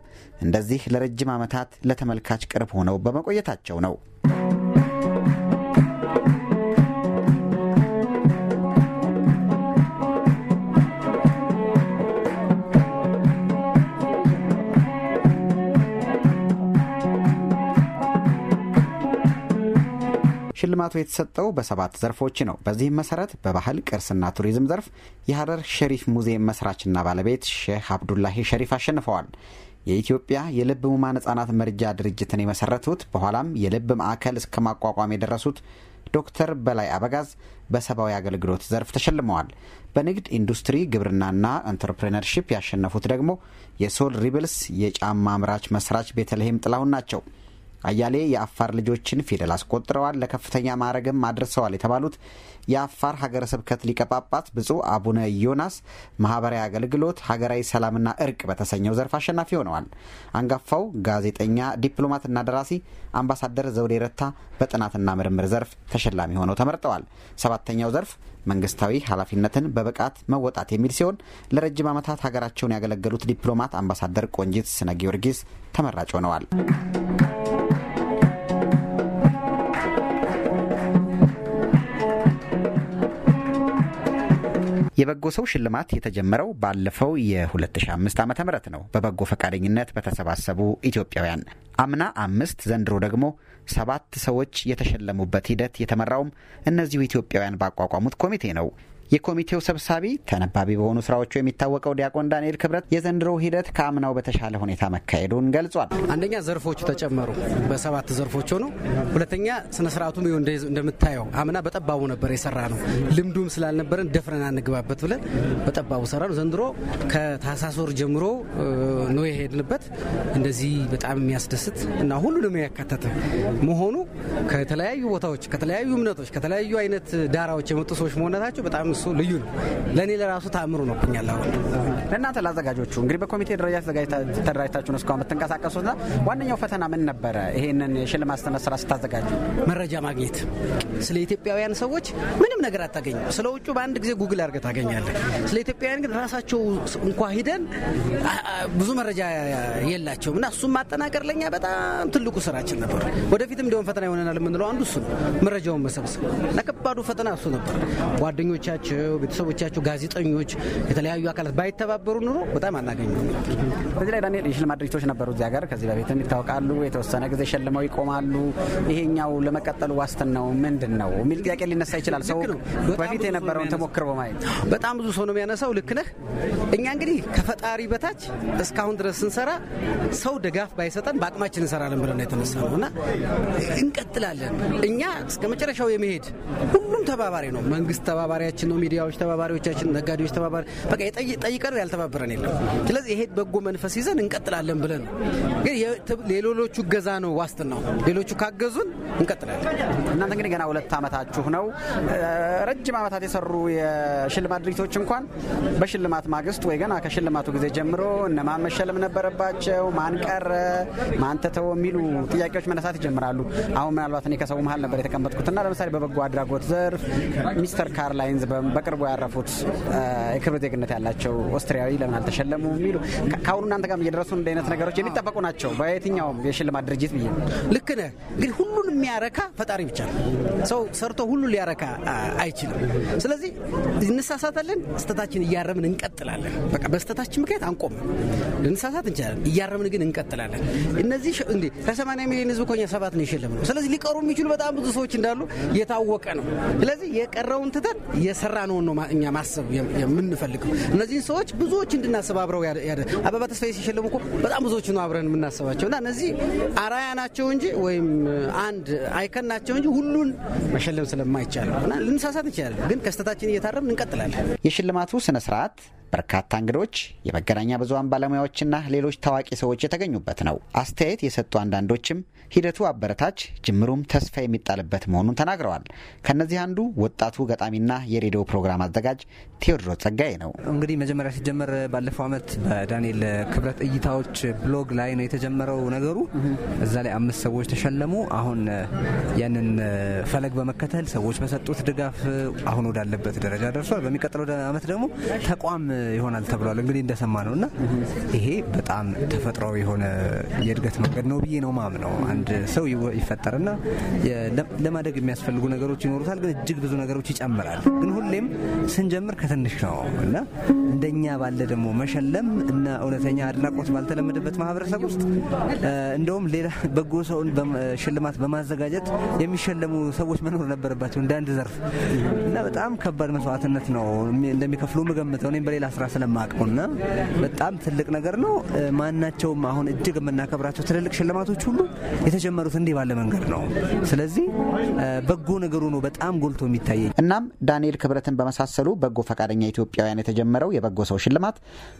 እንደዚህ ለረጅም ዓመታት ለተመልካች ቅርብ ሆነው በመቆየታቸው ነው። ሽልማቱ የተሰጠው በሰባት ዘርፎች ነው። በዚህም መሰረት በባህል ቅርስና ቱሪዝም ዘርፍ የሀረር ሸሪፍ ሙዚየም መስራችና ባለቤት ሼህ አብዱላሂ ሸሪፍ አሸንፈዋል። የኢትዮጵያ የልብ ሕሙማን ሕጻናት መርጃ ድርጅትን የመሰረቱት በኋላም የልብ ማዕከል እስከ ማቋቋም የደረሱት ዶክተር በላይ አበጋዝ በሰብአዊ አገልግሎት ዘርፍ ተሸልመዋል። በንግድ ኢንዱስትሪ፣ ግብርናና ኤንትርፕሬነርሺፕ ያሸነፉት ደግሞ የሶል ሪብልስ የጫማ አምራች መስራች ቤተልሔም ጥላሁን ናቸው። አያሌ የአፋር ልጆችን ፊደል አስቆጥረዋል፣ ለከፍተኛ ማዕረግም አድርሰዋል የተባሉት የአፋር ሀገረ ስብከት ሊቀ ጳጳስ ብፁዕ አቡነ ዮናስ ማህበራዊ አገልግሎት፣ ሀገራዊ ሰላምና እርቅ በተሰኘው ዘርፍ አሸናፊ ሆነዋል። አንጋፋው ጋዜጠኛ ዲፕሎማትና ደራሲ አምባሳደር ዘውዴ ረታ በጥናትና ምርምር ዘርፍ ተሸላሚ ሆነው ተመርጠዋል። ሰባተኛው ዘርፍ መንግስታዊ ኃላፊነትን በብቃት መወጣት የሚል ሲሆን ለረጅም ዓመታት ሀገራቸውን ያገለገሉት ዲፕሎማት አምባሳደር ቆንጂት ስነ ጊዮርጊስ ተመራጭ ሆነዋል። የበጎ ሰው ሽልማት የተጀመረው ባለፈው የ2005 ዓ ም ነው በበጎ ፈቃደኝነት በተሰባሰቡ ኢትዮጵያውያን። አምና አምስት ዘንድሮ ደግሞ ሰባት ሰዎች የተሸለሙበት ሂደት የተመራውም እነዚሁ ኢትዮጵያውያን ባቋቋሙት ኮሚቴ ነው። የኮሚቴው ሰብሳቢ ተነባቢ በሆኑ ስራዎቹ የሚታወቀው ዲያቆን ዳንኤል ክብረት የዘንድሮው ሂደት ከአምናው በተሻለ ሁኔታ መካሄዱን ገልጿል። አንደኛ ዘርፎቹ ተጨመሩ፣ በሰባት ዘርፎች ሆኑ። ሁለተኛ ስነስርዓቱም እንደምታየው አምና በጠባቡ ነበር የሰራ ነው። ልምዱም ስላልነበረን ደፍረን አንግባበት ብለን በጠባቡ ሰራ ነው። ዘንድሮ ከታህሳስ ወር ጀምሮ ነው የሄድንበት። እንደዚህ በጣም የሚያስደስት እና ሁሉንም ያካተተ መሆኑ ከተለያዩ ቦታዎች ከተለያዩ እምነቶች ከተለያዩ አይነት ዳራዎች የመጡ ሰዎች መሆነታቸው በጣም እሱ ልዩ ነው። ለእኔ ለራሱ ተአምሩ ነው ብኛል። አሁን ለእናንተ ለአዘጋጆቹ እንግዲህ በኮሚቴ ደረጃ ተደራጅታችሁን እስካሁን የምትንቀሳቀሱትና ዋነኛው ፈተና ምን ነበረ? ይሄንን የሽልማት ስነ ስታዘጋጁ መረጃ ማግኘት። ስለ ኢትዮጵያውያን ሰዎች ምንም ነገር አታገኙ። ስለ ውጩ በአንድ ጊዜ ጉግል አድርገህ ታገኛለህ። ስለ ኢትዮጵያውያን ግን ራሳቸው እንኳ ሂደን ብዙ መረጃ የላቸውም እና እሱም ማጠናቀር ለኛ በጣም ትልቁ ስራችን ነበር። ወደፊትም እንዲሆን ፈተና ይሆነናል የምንለው አንዱ እሱ ነው። መረጃውን መሰብሰብ ለከባዱ ፈተና እሱ ነበር። ጓደኞቻችን ልጆቻቸው፣ ቤተሰቦቻቸው፣ ጋዜጠኞች፣ የተለያዩ አካላት ባይተባበሩ ኑሮ በጣም አናገኙ። በዚህ ላይ ዳንኤል የሽልማት ድርጅቶች ነበሩ እዚህ ሀገር ከዚህ በፊትም ይታወቃሉ። የተወሰነ ጊዜ ሸልመው ይቆማሉ። ይሄኛው ለመቀጠሉ ዋስትናው ምንድን ነው የሚል ጥያቄ ሊነሳ ይችላል። ሰው በፊት የነበረውን ተሞክሮ በማየት በጣም ብዙ ሰው ነው የሚያነሳው። ልክ ነህ። እኛ እንግዲህ ከፈጣሪ በታች እስካሁን ድረስ ስንሰራ ሰው ድጋፍ ባይሰጠን በአቅማችን እንሰራለን ብለን የተነሳ ነው እና እንቀጥላለን። እኛ እስከ መጨረሻው የመሄድ ሁሉም ተባባሪ ነው። መንግስት ተባባሪያችን ነው። ሚዲያዎች ተባባሪዎቻችን፣ ነጋዴዎች ተባባሪ በቃ ጠይቀን ያልተባበረን የለም። ስለዚህ ይሄ በጎ መንፈስ ይዘን እንቀጥላለን ብለን ግን የሌሎቹ እገዛ ነው ዋስትናው። ሌሎቹ ካገዙን እንቀጥላለን። እናንተ እንግዲህ ገና ሁለት ዓመታችሁ ነው። ረጅም ዓመታት የሰሩ የሽልማት ድርጅቶች እንኳን በሽልማት ማግስት ወይ ገና ከሽልማቱ ጊዜ ጀምሮ እነማን መሸለም ነበረባቸው፣ ማን ቀረ፣ ማን የሚሉ ጥያቄዎች መነሳት ይጀምራሉ። አሁን ምናልባት እኔ ከሰው መሀል ነበር የተቀመጥኩትና ለምሳሌ በበጎ አድራጎት ዘርፍ ሚስተር ካርላይንዝ በቅርቡ ያረፉት የክብር ዜግነት ያላቸው ኦስትሪያዊ ለምን አልተሸለሙ የሚሉ ከአሁኑ እናንተ ጋር እየደረሱ እንደ አይነት ነገሮች የሚጠበቁ ናቸው በየትኛውም የሽልማት ድርጅት ብዬ ልክ ነህ። እንግዲህ ሁሉን የሚያረካ ፈጣሪ ብቻ ነው። ሰው ሰርቶ ሁሉ ሊያረካ አይችልም። ስለዚህ እንሳሳታለን፣ ስህተታችን እያረምን እንቀጥላለን። በቃ በስህተታችን ምክንያት አንቆም። ልንሳሳት እንችላለን፣ እያረምን ግን እንቀጥላለን። እነዚህ እንዴ ከሰማንያ ሚሊዮን ህዝብ ኮኛ ሰባት ነው የሸለም ነው። ስለዚህ ሊቀሩ የሚችሉ በጣም ብዙ ሰዎች እንዳሉ የታወቀ ነው። ስለዚህ የቀረውን ትተን የሰራነውን ነው እኛ ማሰብ የምንፈልገው። እነዚህን ሰዎች ብዙዎች እንድናስብ አብረው ያደ አበባ ተስፋዬ ሲሸለሙ እኮ በጣም ብዙዎች ነው አብረን የምናስባቸው እና እነዚህ አራያ ናቸው እንጂ ወይም አንድ አይከን ናቸው እንጂ ሁሉን መሸለም ስለማይቻል እና ልንሳሳት እንችላለን፣ ግን ከስተታችን እየታረም እንቀጥላለን። የሽልማቱ ስነስርዓት በርካታ እንግዶች፣ የመገናኛ ብዙሀን ባለሙያዎችና ሌሎች ታዋቂ ሰዎች የተገኙበት ነው። አስተያየት የሰጡ አንዳንዶችም ሂደቱ አበረታች፣ ጅምሩም ተስፋ የሚጣልበት መሆኑን ተናግረዋል። ከእነዚህ አንዱ ወጣቱ ገጣሚና የሬዲዮ ፕሮግራም አዘጋጅ ቴዎድሮስ ጸጋዬ ነው። እንግዲህ መጀመሪያ ሲጀመር ባለፈው ዓመት በዳንኤል ክብረት እይታዎች ብሎግ ላይ ነው የተጀመረው ነገሩ። እዛ ላይ አምስት ሰዎች ተሸለሙ። አሁን ያንን ፈለግ በመከተል ሰዎች በሰጡት ድጋፍ አሁን ወዳለበት ደረጃ ደርሷል። በሚቀጥለው አመት ደግሞ ተቋም ይሆናል ተብሏል። እንግዲህ እንደሰማ ነው እና ይሄ በጣም ተፈጥሯዊ የሆነ የእድገት መንገድ ነው ብዬ ነው ማምነው። አንድ ሰው ይፈጠርና ለማደግ የሚያስፈልጉ ነገሮች ይኖሩታል፣ ግን እጅግ ብዙ ነገሮች ይጨምራል። ግን ሁሌም ስንጀምር ከትንሽ ነው እና እንደኛ ባለ ደግሞ መሸለም እና እውነተኛ አድናቆት ባልተለመደበት ማህበረሰብ ውስጥ እንደውም ሌላ በጎ ሰውን ሽልማት በማዘጋጀት የሚሸለሙ ሰዎች መኖር ነበረባቸው እንደ አንድ ዘርፍ እና በጣም ከባድ መስዋዕትነት ነው እንደሚከፍሉ ምገምተው እኔም በሌላ ስራ ስለማቀውና በጣም ትልቅ ነገር ነው። ማናቸውም አሁን እጅግ የምናከብራቸው ትልልቅ ሽልማቶች ሁሉ የተጀመሩት እንዲህ ባለ መንገድ ነው። ስለዚህ በጎ ነገሩ ነው በጣም ጎልቶ የሚታየኝ። እናም ዳንኤል ክብረትን በመሳሰሉ በጎ ፈቃደኛ ኢትዮጵያውያን የተጀመረው የበጎ ሰው ሽልማት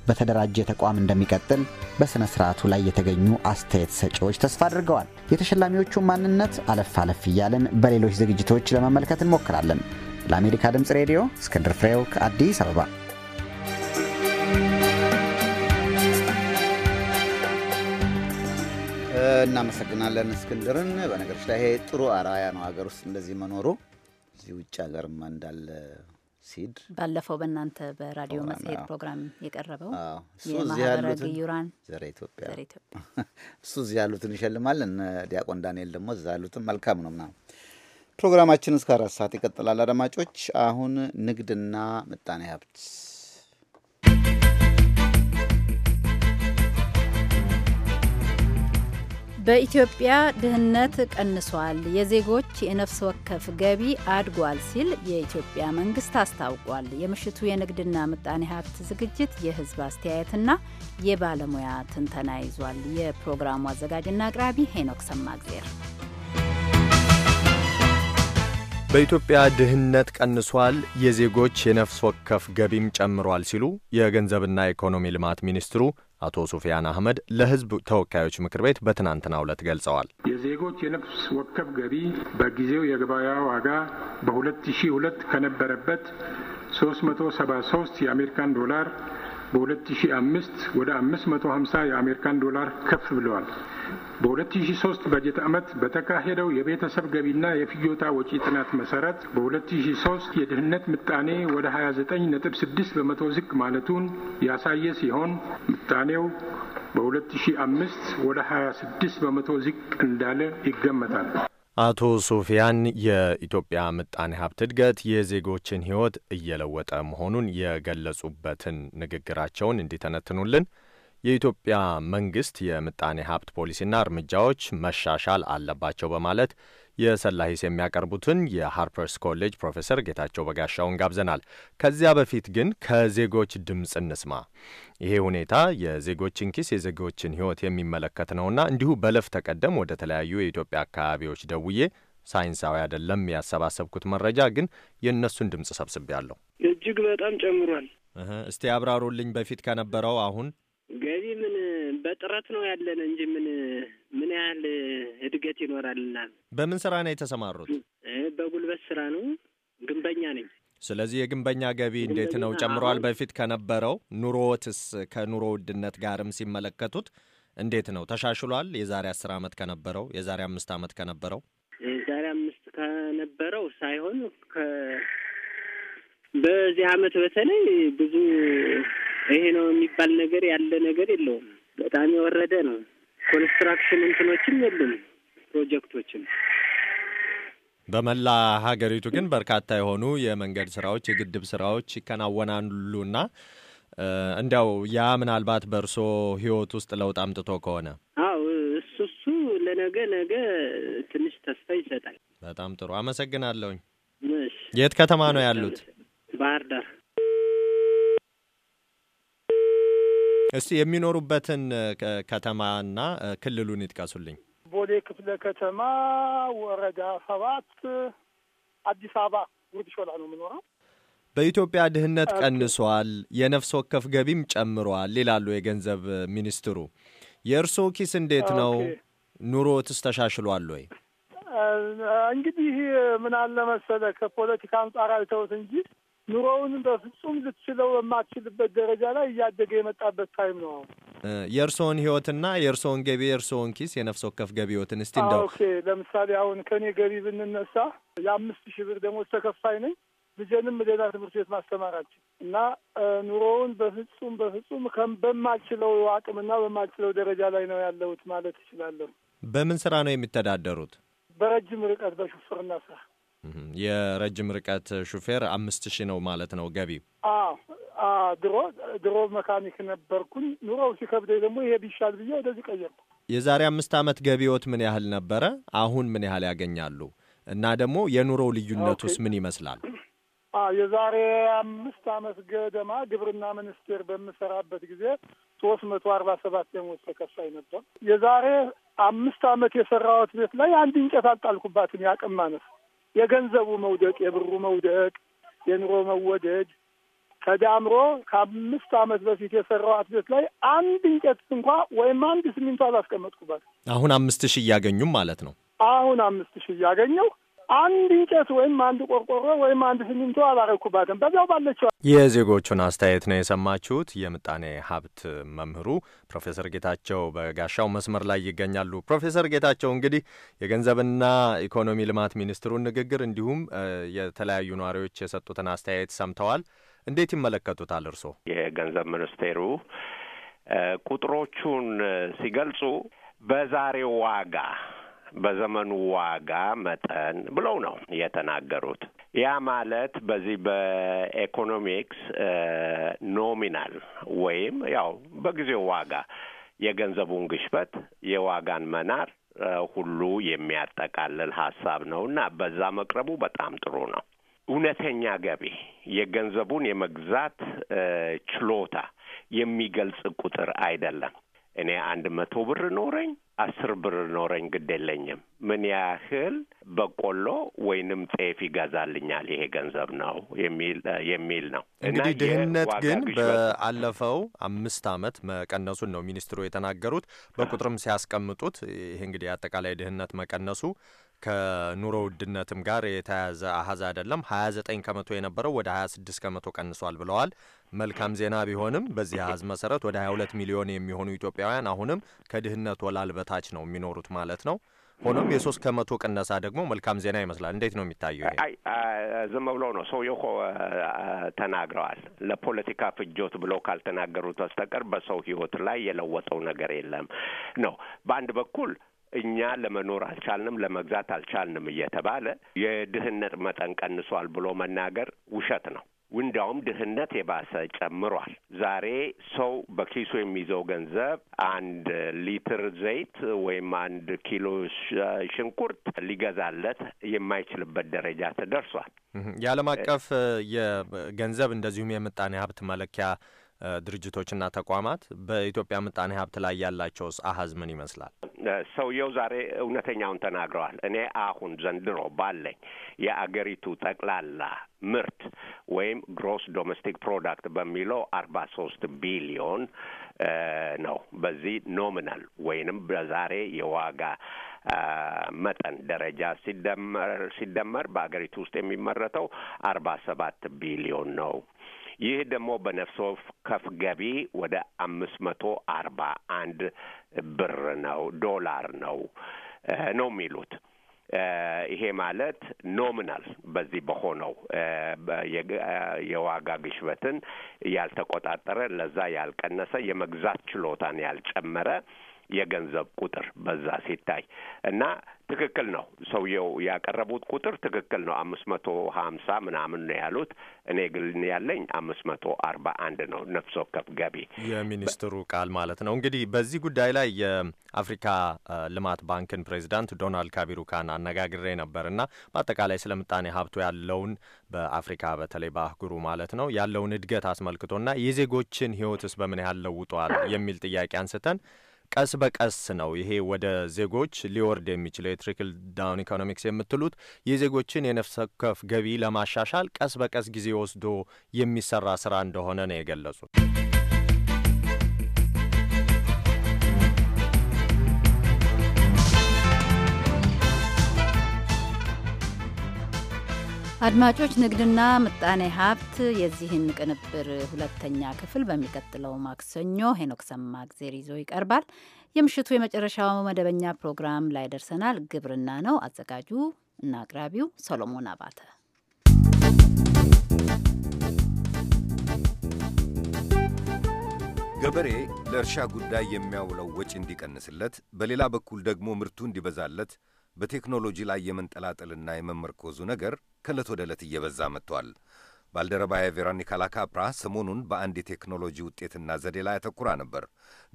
በተደራጀ ተቋም እንደሚቀጥል በስነ ስርዓቱ ላይ የተገኙ አስተያየት ሰጪዎች ተስፋ አድርገዋል። የተሸላሚዎቹ ማንነት አለፍ አለፍ እያለን በሌሎች ዝግጅቶች ለመመልከት እንሞክራለን። ለአሜሪካ ድምፅ ሬዲዮ እስክንድር ፍሬው ከአዲስ አበባ እናመሰግናለን እስክንድርን። በነገሮች ላይ ይሄ ጥሩ አርአያ ነው ሀገር ውስጥ እንደዚህ መኖሩ እዚህ ውጭ ሀገርማ እንዳለ ሲድ ባለፈው በእናንተ በራዲዮ መጽሔት ፕሮግራም የቀረበው የማህበረ ግዩራን ዘረ ኢትዮጵያ እሱ እዚህ ያሉትን ይሸልማል ዲያቆን ዳንኤል ደግሞ እዛ ያሉትን መልካም ነው ምናምን። ፕሮግራማችን እስከ አራት ሰዓት ይቀጥላል። አድማጮች አሁን ንግድና ምጣኔ ሀብት በኢትዮጵያ ድህነት ቀንሷል፣ የዜጎች የነፍስ ወከፍ ገቢ አድጓል ሲል የኢትዮጵያ መንግስት አስታውቋል። የምሽቱ የንግድና ምጣኔ ሀብት ዝግጅት የህዝብ አስተያየትና የባለሙያ ትንተና ይዟል። የፕሮግራሙ አዘጋጅና አቅራቢ ሄኖክ ሰማግዜር። በኢትዮጵያ ድህነት ቀንሷል፣ የዜጎች የነፍስ ወከፍ ገቢም ጨምሯል ሲሉ የገንዘብና ኢኮኖሚ ልማት ሚኒስትሩ አቶ ሱፊያን አህመድ ለህዝብ ተወካዮች ምክር ቤት በትናንትናው ዕለት ገልጸዋል። የዜጎች የነፍስ ወከፍ ገቢ በጊዜው የገበያ ዋጋ በ2002 ከነበረበት 373 የአሜሪካን ዶላር በ2005 ወደ 550 የአሜሪካን ዶላር ከፍ ብለዋል። በ2003 በጀት ዓመት በተካሄደው የቤተሰብ ገቢና የፍጆታ ወጪ ጥናት መሰረት በ2003 የድህነት ምጣኔ ወደ 29.6 በመቶ ዝቅ ማለቱን ያሳየ ሲሆን ምጣኔው በ2005 ወደ 26 በመቶ ዝቅ እንዳለ ይገመታል። አቶ ሶፊያን የኢትዮጵያ ምጣኔ ሀብት እድገት የዜጎችን ሕይወት እየለወጠ መሆኑን የገለጹበትን ንግግራቸውን እንዲተነትኑልን የኢትዮጵያ መንግስት የምጣኔ ሀብት ፖሊሲና እርምጃዎች መሻሻል አለባቸው በማለት የሰላ ሂስ የሚያቀርቡትን የሃርፐርስ ኮሌጅ ፕሮፌሰር ጌታቸው በጋሻውን ጋብዘናል። ከዚያ በፊት ግን ከዜጎች ድምፅ እንስማ። ይሄ ሁኔታ የዜጎችን ኪስ፣ የዜጎችን ህይወት የሚመለከት ነውና እንዲሁ በለፍ ተቀደም ወደ ተለያዩ የኢትዮጵያ አካባቢዎች ደውዬ ሳይንሳዊ አይደለም ያሰባሰብኩት መረጃ ግን የእነሱን ድምፅ ሰብስቤ ያለሁ እጅግ በጣም ጨምሯል። እስቲ አብራሩልኝ። በፊት ከነበረው አሁን በጥረት ነው ያለን እንጂ ምን ምን ያህል እድገት ይኖራልና። በምን ስራ ነው የተሰማሩት? በጉልበት ስራ ነው። ግንበኛ ነኝ። ስለዚህ የግንበኛ ገቢ እንዴት ነው? ጨምሯል? በፊት ከነበረው ኑሮዎትስ ከኑሮ ውድነት ጋርም ሲመለከቱት እንዴት ነው? ተሻሽሏል? የዛሬ አስር አመት ከነበረው የዛሬ አምስት ዓመት ከነበረው የዛሬ አምስት ከነበረው ሳይሆን በዚህ አመት በተለይ ብዙ ይሄ ነው የሚባል ነገር ያለ ነገር የለውም። በጣም የወረደ ነው። ኮንስትራክሽን እንትኖችም የሉም ፕሮጀክቶችም። በመላ ሀገሪቱ ግን በርካታ የሆኑ የመንገድ ስራዎች፣ የግድብ ስራዎች ይከናወናሉና እንዲያው ያ ምናልባት በእርሶ ህይወት ውስጥ ለውጥ አምጥቶ ከሆነ አው እሱ እሱ ለነገ ነገ ትንሽ ተስፋ ይሰጣል። በጣም ጥሩ አመሰግናለሁኝ። የት ከተማ ነው ያሉት? ባህር ዳር እስቲ የሚኖሩበትን ከተማና ክልሉን ይጥቀሱልኝ። ቦሌ ክፍለ ከተማ ወረዳ ሰባት አዲስ አበባ ጉርድ ሾላ ነው የምኖረው። በኢትዮጵያ ድህነት ቀንሷል፣ የነፍስ ወከፍ ገቢም ጨምሯል ይላሉ የገንዘብ ሚኒስትሩ። የእርስዎ ኪስ እንዴት ነው? ኑሮትስ ተሻሽሏል ወይ? እንግዲህ ምን አለ መሰለህ ከፖለቲካ አንጻር አልተውት እንጂ ኑሮውንም በፍጹም ልትችለው በማትችልበት ደረጃ ላይ እያደገ የመጣበት ታይም ነው። የእርስዎን ህይወትና የእርስዎን ገቢ የእርስዎን ኪስ የነፍስ ወከፍ ገቢዎትን እስቲ እንደው ኦኬ፣ ለምሳሌ አሁን ከእኔ ገቢ ብንነሳ የአምስት ሺህ ብር ደሞዝ ተከፋይ ነኝ። ልጄንም ሌላ ትምህርት ቤት ማስተማራችን እና ኑሮውን በፍጹም በፍጹም በማልችለው አቅምና በማልችለው ደረጃ ላይ ነው ያለሁት ማለት እችላለሁ። በምን ስራ ነው የሚተዳደሩት? በረጅም ርቀት በሹፍርና ስራ የረጅም ርቀት ሹፌር አምስት ሺህ ነው ማለት ነው ገቢው? ድሮ ድሮ መካኒክ ነበርኩኝ። ኑሮው ሲከብደኝ ደግሞ ይሄ ቢሻል ብዬ ወደዚህ ቀየርኩ። የዛሬ አምስት ዓመት ገቢዎት ምን ያህል ነበረ? አሁን ምን ያህል ያገኛሉ? እና ደግሞ የኑሮው ውስጥ ምን ይመስላል? የዛሬ አምስት ዓመት ገደማ ግብርና ሚኒስቴር በምሰራበት ጊዜ ሶስት መቶ አርባ ሰባት ደሞዝ ተከፋይ ነበር። የዛሬ አምስት ዓመት የሰራሁት ቤት ላይ አንድ እንጨት አልጣልኩባትም። ያቅም ማነስ የገንዘቡ መውደቅ፣ የብሩ መውደቅ፣ የኑሮ መወደድ ተዳምሮ ከአምስት ዓመት በፊት የሰራኋት ቤት ላይ አንድ እንጨት እንኳ ወይም አንድ ስሚንቶ አላስቀመጥኩበት። አሁን አምስት ሺህ እያገኙም ማለት ነው። አሁን አምስት ሺህ እያገኘሁ አንድ እንጨት ወይም አንድ ቆርቆሮ ወይም አንድ ሲሚንቶ አላረኩባትም። በዚያው ባለችዋል። የዜጎቹን አስተያየት ነው የሰማችሁት። የምጣኔ ሀብት መምህሩ ፕሮፌሰር ጌታቸው በጋሻው መስመር ላይ ይገኛሉ። ፕሮፌሰር ጌታቸው እንግዲህ የገንዘብና ኢኮኖሚ ልማት ሚኒስትሩን ንግግር እንዲሁም የተለያዩ ነዋሪዎች የሰጡትን አስተያየት ሰምተዋል። እንዴት ይመለከቱታል እርስዎ? የገንዘብ ሚኒስቴሩ ቁጥሮቹን ሲገልጹ በዛሬው ዋጋ በዘመኑ ዋጋ መጠን ብለው ነው የተናገሩት። ያ ማለት በዚህ በኢኮኖሚክስ ኖሚናል ወይም ያው በጊዜው ዋጋ የገንዘቡን ግሽበት የዋጋን መናር ሁሉ የሚያጠቃልል ሀሳብ ነው እና በዛ መቅረቡ በጣም ጥሩ ነው። እውነተኛ ገቢ የገንዘቡን የመግዛት ችሎታ የሚገልጽ ቁጥር አይደለም። እኔ አንድ መቶ ብር ኖረኝ አስር ብር ኖረኝ ግድ የለኝም። ምን ያህል በቆሎ ወይንም ጤፍ ይገዛልኛል ይሄ ገንዘብ ነው የሚል የሚል ነው። እንግዲህ ድህነት ግን በአለፈው አምስት ዓመት መቀነሱን ነው ሚኒስትሩ የተናገሩት። በቁጥርም ሲያስቀምጡት ይሄ እንግዲህ አጠቃላይ ድህነት መቀነሱ ከኑሮ ውድነትም ጋር የተያያዘ አሀዝ አይደለም። 29 ከመቶ የነበረው ወደ 26 ከመቶ ቀንሷል ብለዋል። መልካም ዜና ቢሆንም በዚህ አሀዝ መሰረት ወደ 22 ሚሊዮን የሚሆኑ ኢትዮጵያውያን አሁንም ከድህነት ወላል በታች ነው የሚኖሩት ማለት ነው። ሆኖም የሶስት ከመቶ ቅነሳ ደግሞ መልካም ዜና ይመስላል። እንዴት ነው የሚታየው? አይ ዝም ብሎ ነው ሰውየው እኮ ተናግረዋል። ለፖለቲካ ፍጆት ብሎ ካልተናገሩት በስተቀር በሰው ህይወት ላይ የለወጠው ነገር የለም ነው በአንድ በኩል እኛ ለመኖር አልቻልንም፣ ለመግዛት አልቻልንም እየተባለ የድህነት መጠን ቀንሷል ብሎ መናገር ውሸት ነው። እንዲያውም ድህነት የባሰ ጨምሯል። ዛሬ ሰው በኪሱ የሚይዘው ገንዘብ አንድ ሊትር ዘይት ወይም አንድ ኪሎ ሽንኩርት ሊገዛለት የማይችልበት ደረጃ ተደርሷል። የዓለም አቀፍ የገንዘብ እንደዚሁም የምጣኔ ሀብት መለኪያ ድርጅቶችና ተቋማት በኢትዮጵያ ምጣኔ ሀብት ላይ ያላቸው አሀዝ ምን ይመስላል? ሰውየው ዛሬ እውነተኛውን ተናግረዋል። እኔ አሁን ዘንድሮ ባለኝ የአገሪቱ ጠቅላላ ምርት ወይም ግሮስ ዶሜስቲክ ፕሮዳክት በሚለው አርባ ሶስት ቢሊዮን ነው። በዚህ ኖሚናል ወይንም በዛሬ የዋጋ መጠን ደረጃ ሲደመር ሲደመር በአገሪቱ ውስጥ የሚመረተው አርባ ሰባት ቢሊዮን ነው። ይህ ደግሞ በነፍስ ወከፍ ገቢ ወደ አምስት መቶ አርባ አንድ ብር ነው ዶላር ነው ነው የሚሉት ይሄ ማለት ኖሚናል በዚህ በሆነው የዋጋ ግሽበትን ያልተቆጣጠረ ለዛ ያልቀነሰ የመግዛት ችሎታን ያልጨመረ የገንዘብ ቁጥር በዛ ሲታይ እና ትክክል ነው። ሰውየው ያቀረቡት ቁጥር ትክክል ነው። አምስት መቶ ሀምሳ ምናምን ነው ያሉት። እኔ ግን ያለኝ አምስት መቶ አርባ አንድ ነው ነፍስ ወከፍ ገቢ የሚኒስትሩ ቃል ማለት ነው። እንግዲህ በዚህ ጉዳይ ላይ የአፍሪካ ልማት ባንክን ፕሬዚዳንት ዶናልድ ካቢሩካን አነጋግሬ ነበር እና በአጠቃላይ ስለ ምጣኔ ሀብቱ ያለውን በአፍሪካ በተለይ በአህጉሩ ማለት ነው ያለውን እድገት አስመልክቶና የዜጎችን ህይወትስ በምን ያህል ለውጧል የሚል ጥያቄ አንስተን ቀስ በቀስ ነው ይሄ ወደ ዜጎች ሊወርድ የሚችለው የትሪክል ዳውን ኢኮኖሚክስ የምትሉት የዜጎችን የነፍስ ወከፍ ገቢ ለማሻሻል ቀስ በቀስ ጊዜ ወስዶ የሚሰራ ስራ እንደሆነ ነው የገለጹት። አድማጮች ንግድና ምጣኔ ሀብት የዚህን ቅንብር ሁለተኛ ክፍል በሚቀጥለው ማክሰኞ ሄኖክ ሰማእግዜር ይዞ ይቀርባል። የምሽቱ የመጨረሻው መደበኛ ፕሮግራም ላይ ደርሰናል። ግብርና ነው። አዘጋጁ እና አቅራቢው ሰሎሞን አባተ ገበሬ ለእርሻ ጉዳይ የሚያውለው ወጪ እንዲቀንስለት፣ በሌላ በኩል ደግሞ ምርቱ እንዲበዛለት በቴክኖሎጂ ላይ የመንጠላጠልና የመመርኮዙ ነገር ከእለት ወደ ዕለት እየበዛ መጥቷል። ባልደረባ የቬሮኒካላ ላካፕራ ሰሞኑን በአንድ የቴክኖሎጂ ውጤትና ዘዴ ላይ አተኩራ ነበር።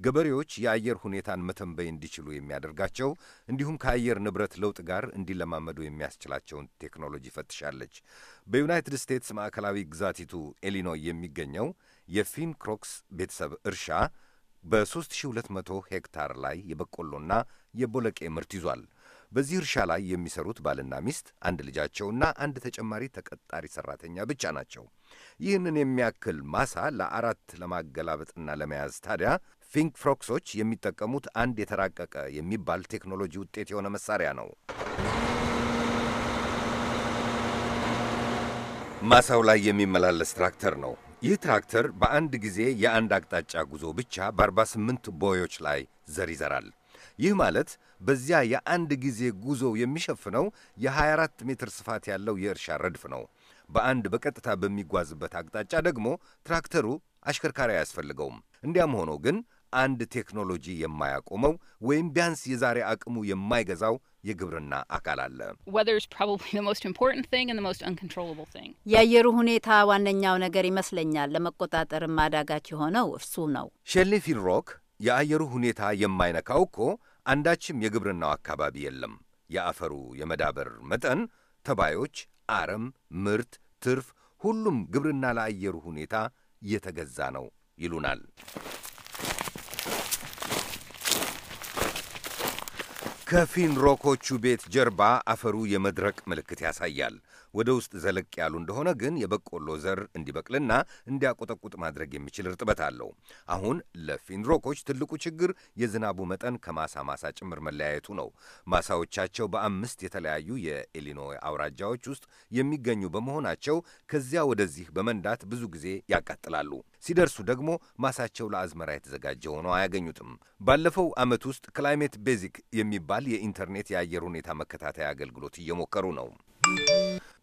ገበሬዎች የአየር ሁኔታን መተንበይ እንዲችሉ የሚያደርጋቸው እንዲሁም ከአየር ንብረት ለውጥ ጋር እንዲለማመዱ የሚያስችላቸውን ቴክኖሎጂ ፈትሻለች። በዩናይትድ ስቴትስ ማዕከላዊ ግዛቲቱ ኤሊኖይ የሚገኘው የፊን ክሮክስ ቤተሰብ እርሻ በ3200 ሄክታር ላይ የበቆሎና የቦለቄ ምርት ይዟል። በዚህ እርሻ ላይ የሚሰሩት ባልና ሚስት አንድ ልጃቸውና አንድ ተጨማሪ ተቀጣሪ ሰራተኛ ብቻ ናቸው። ይህንን የሚያክል ማሳ ለአራት ለማገላበጥና ለመያዝ ታዲያ ፊንክ ፍሮክሶች የሚጠቀሙት አንድ የተራቀቀ የሚባል ቴክኖሎጂ ውጤት የሆነ መሳሪያ ነው። ማሳው ላይ የሚመላለስ ትራክተር ነው። ይህ ትራክተር በአንድ ጊዜ የአንድ አቅጣጫ ጉዞ ብቻ በ48 ቦዮች ላይ ዘር ይዘራል። ይህ ማለት በዚያ የአንድ ጊዜ ጉዞ የሚሸፍነው የ24 ሜትር ስፋት ያለው የእርሻ ረድፍ ነው። በአንድ በቀጥታ በሚጓዝበት አቅጣጫ ደግሞ ትራክተሩ አሽከርካሪ አያስፈልገውም። እንዲያም ሆኖ ግን አንድ ቴክኖሎጂ የማያቆመው ወይም ቢያንስ የዛሬ አቅሙ የማይገዛው የግብርና አካል አለ። የአየሩ ሁኔታ ዋነኛው ነገር ይመስለኛል። ለመቆጣጠርም ማዳጋች የሆነው እርሱ ነው። ሼሊ ፊልሮክ የአየሩ ሁኔታ የማይነካው እኮ አንዳችም የግብርናው አካባቢ የለም። የአፈሩ የመዳበር መጠን፣ ተባዮች፣ አረም፣ ምርት፣ ትርፍ፣ ሁሉም ግብርና ለአየሩ ሁኔታ የተገዛ ነው ይሉናል። ከፊንሮኮቹ ቤት ጀርባ አፈሩ የመድረቅ ምልክት ያሳያል። ወደ ውስጥ ዘለቅ ያሉ እንደሆነ ግን የበቆሎ ዘር እንዲበቅልና እንዲያቆጠቁጥ ማድረግ የሚችል እርጥበት አለው። አሁን ለፊንሮኮች ትልቁ ችግር የዝናቡ መጠን ከማሳ ማሳ ጭምር መለያየቱ ነው። ማሳዎቻቸው በአምስት የተለያዩ የኢሊኖይ አውራጃዎች ውስጥ የሚገኙ በመሆናቸው ከዚያ ወደዚህ በመንዳት ብዙ ጊዜ ያቃጥላሉ። ሲደርሱ ደግሞ ማሳቸው ለአዝመራ የተዘጋጀ ሆነው አያገኙትም። ባለፈው ዓመት ውስጥ ክላይሜት ቤዚክ የሚባል የኢንተርኔት የአየር ሁኔታ መከታተያ አገልግሎት እየሞከሩ ነው።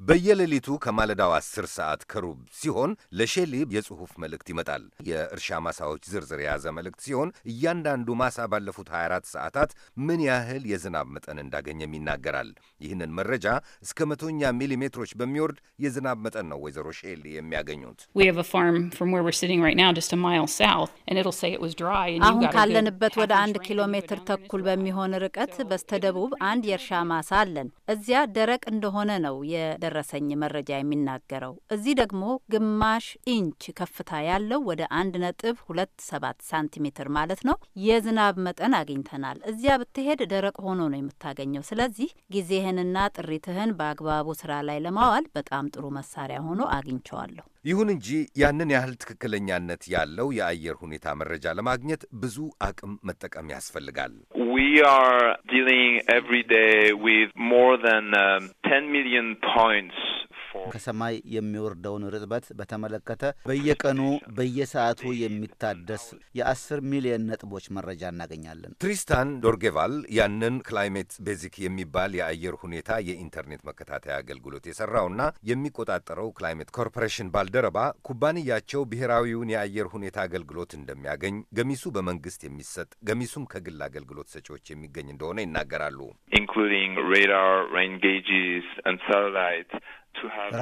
በየሌሊቱ ከማለዳው 10 ሰዓት ከሩብ ሲሆን ለሼሊ የጽሑፍ መልእክት ይመጣል። የእርሻ ማሳዎች ዝርዝር የያዘ መልእክት ሲሆን እያንዳንዱ ማሳ ባለፉት 24 ሰዓታት ምን ያህል የዝናብ መጠን እንዳገኘም ይናገራል። ይህንን መረጃ እስከ መቶኛ ሚሊሜትሮች በሚወርድ የዝናብ መጠን ነው ወይዘሮ ሼሊ የሚያገኙት። አሁን ካለንበት ወደ አንድ ኪሎ ሜትር ተኩል በሚሆን ርቀት በስተደቡብ አንድ የእርሻ ማሳ አለን። እዚያ ደረቅ እንደሆነ ነው የደረሰኝ መረጃ የሚናገረው። እዚህ ደግሞ ግማሽ ኢንች ከፍታ ያለው ወደ አንድ ነጥብ ሁለት ሰባት ሳንቲሜትር ማለት ነው የዝናብ መጠን አግኝተናል። እዚያ ብትሄድ ደረቅ ሆኖ ነው የምታገኘው። ስለዚህ ጊዜህንና ጥሪትህን በአግባቡ ስራ ላይ ለማዋል በጣም ጥሩ መሳሪያ ሆኖ አግኝቸዋለሁ። ይሁን እንጂ ያንን ያህል ትክክለኛነት ያለው የአየር ሁኔታ መረጃ ለማግኘት ብዙ አቅም መጠቀም ያስፈልጋል። We are dealing every day with more than um, 10 million points ከሰማይ የሚወርደውን ርጥበት በተመለከተ በየቀኑ በየሰዓቱ የሚታደስ የአስር ሚሊዮን ነጥቦች መረጃ እናገኛለን። ትሪስታን ዶርጌቫል ያንን ክላይሜት ቤዚክ የሚባል የአየር ሁኔታ የኢንተርኔት መከታተያ አገልግሎት የሰራውና የሚቆጣጠረው ክላይሜት ኮርፖሬሽን ባልደረባ ኩባንያቸው ብሔራዊውን የአየር ሁኔታ አገልግሎት እንደሚያገኝ ገሚሱ በመንግስት የሚሰጥ ገሚሱም ከግል አገልግሎት ሰ ሰጪዎች የሚገኝ እንደሆነ ይናገራሉ።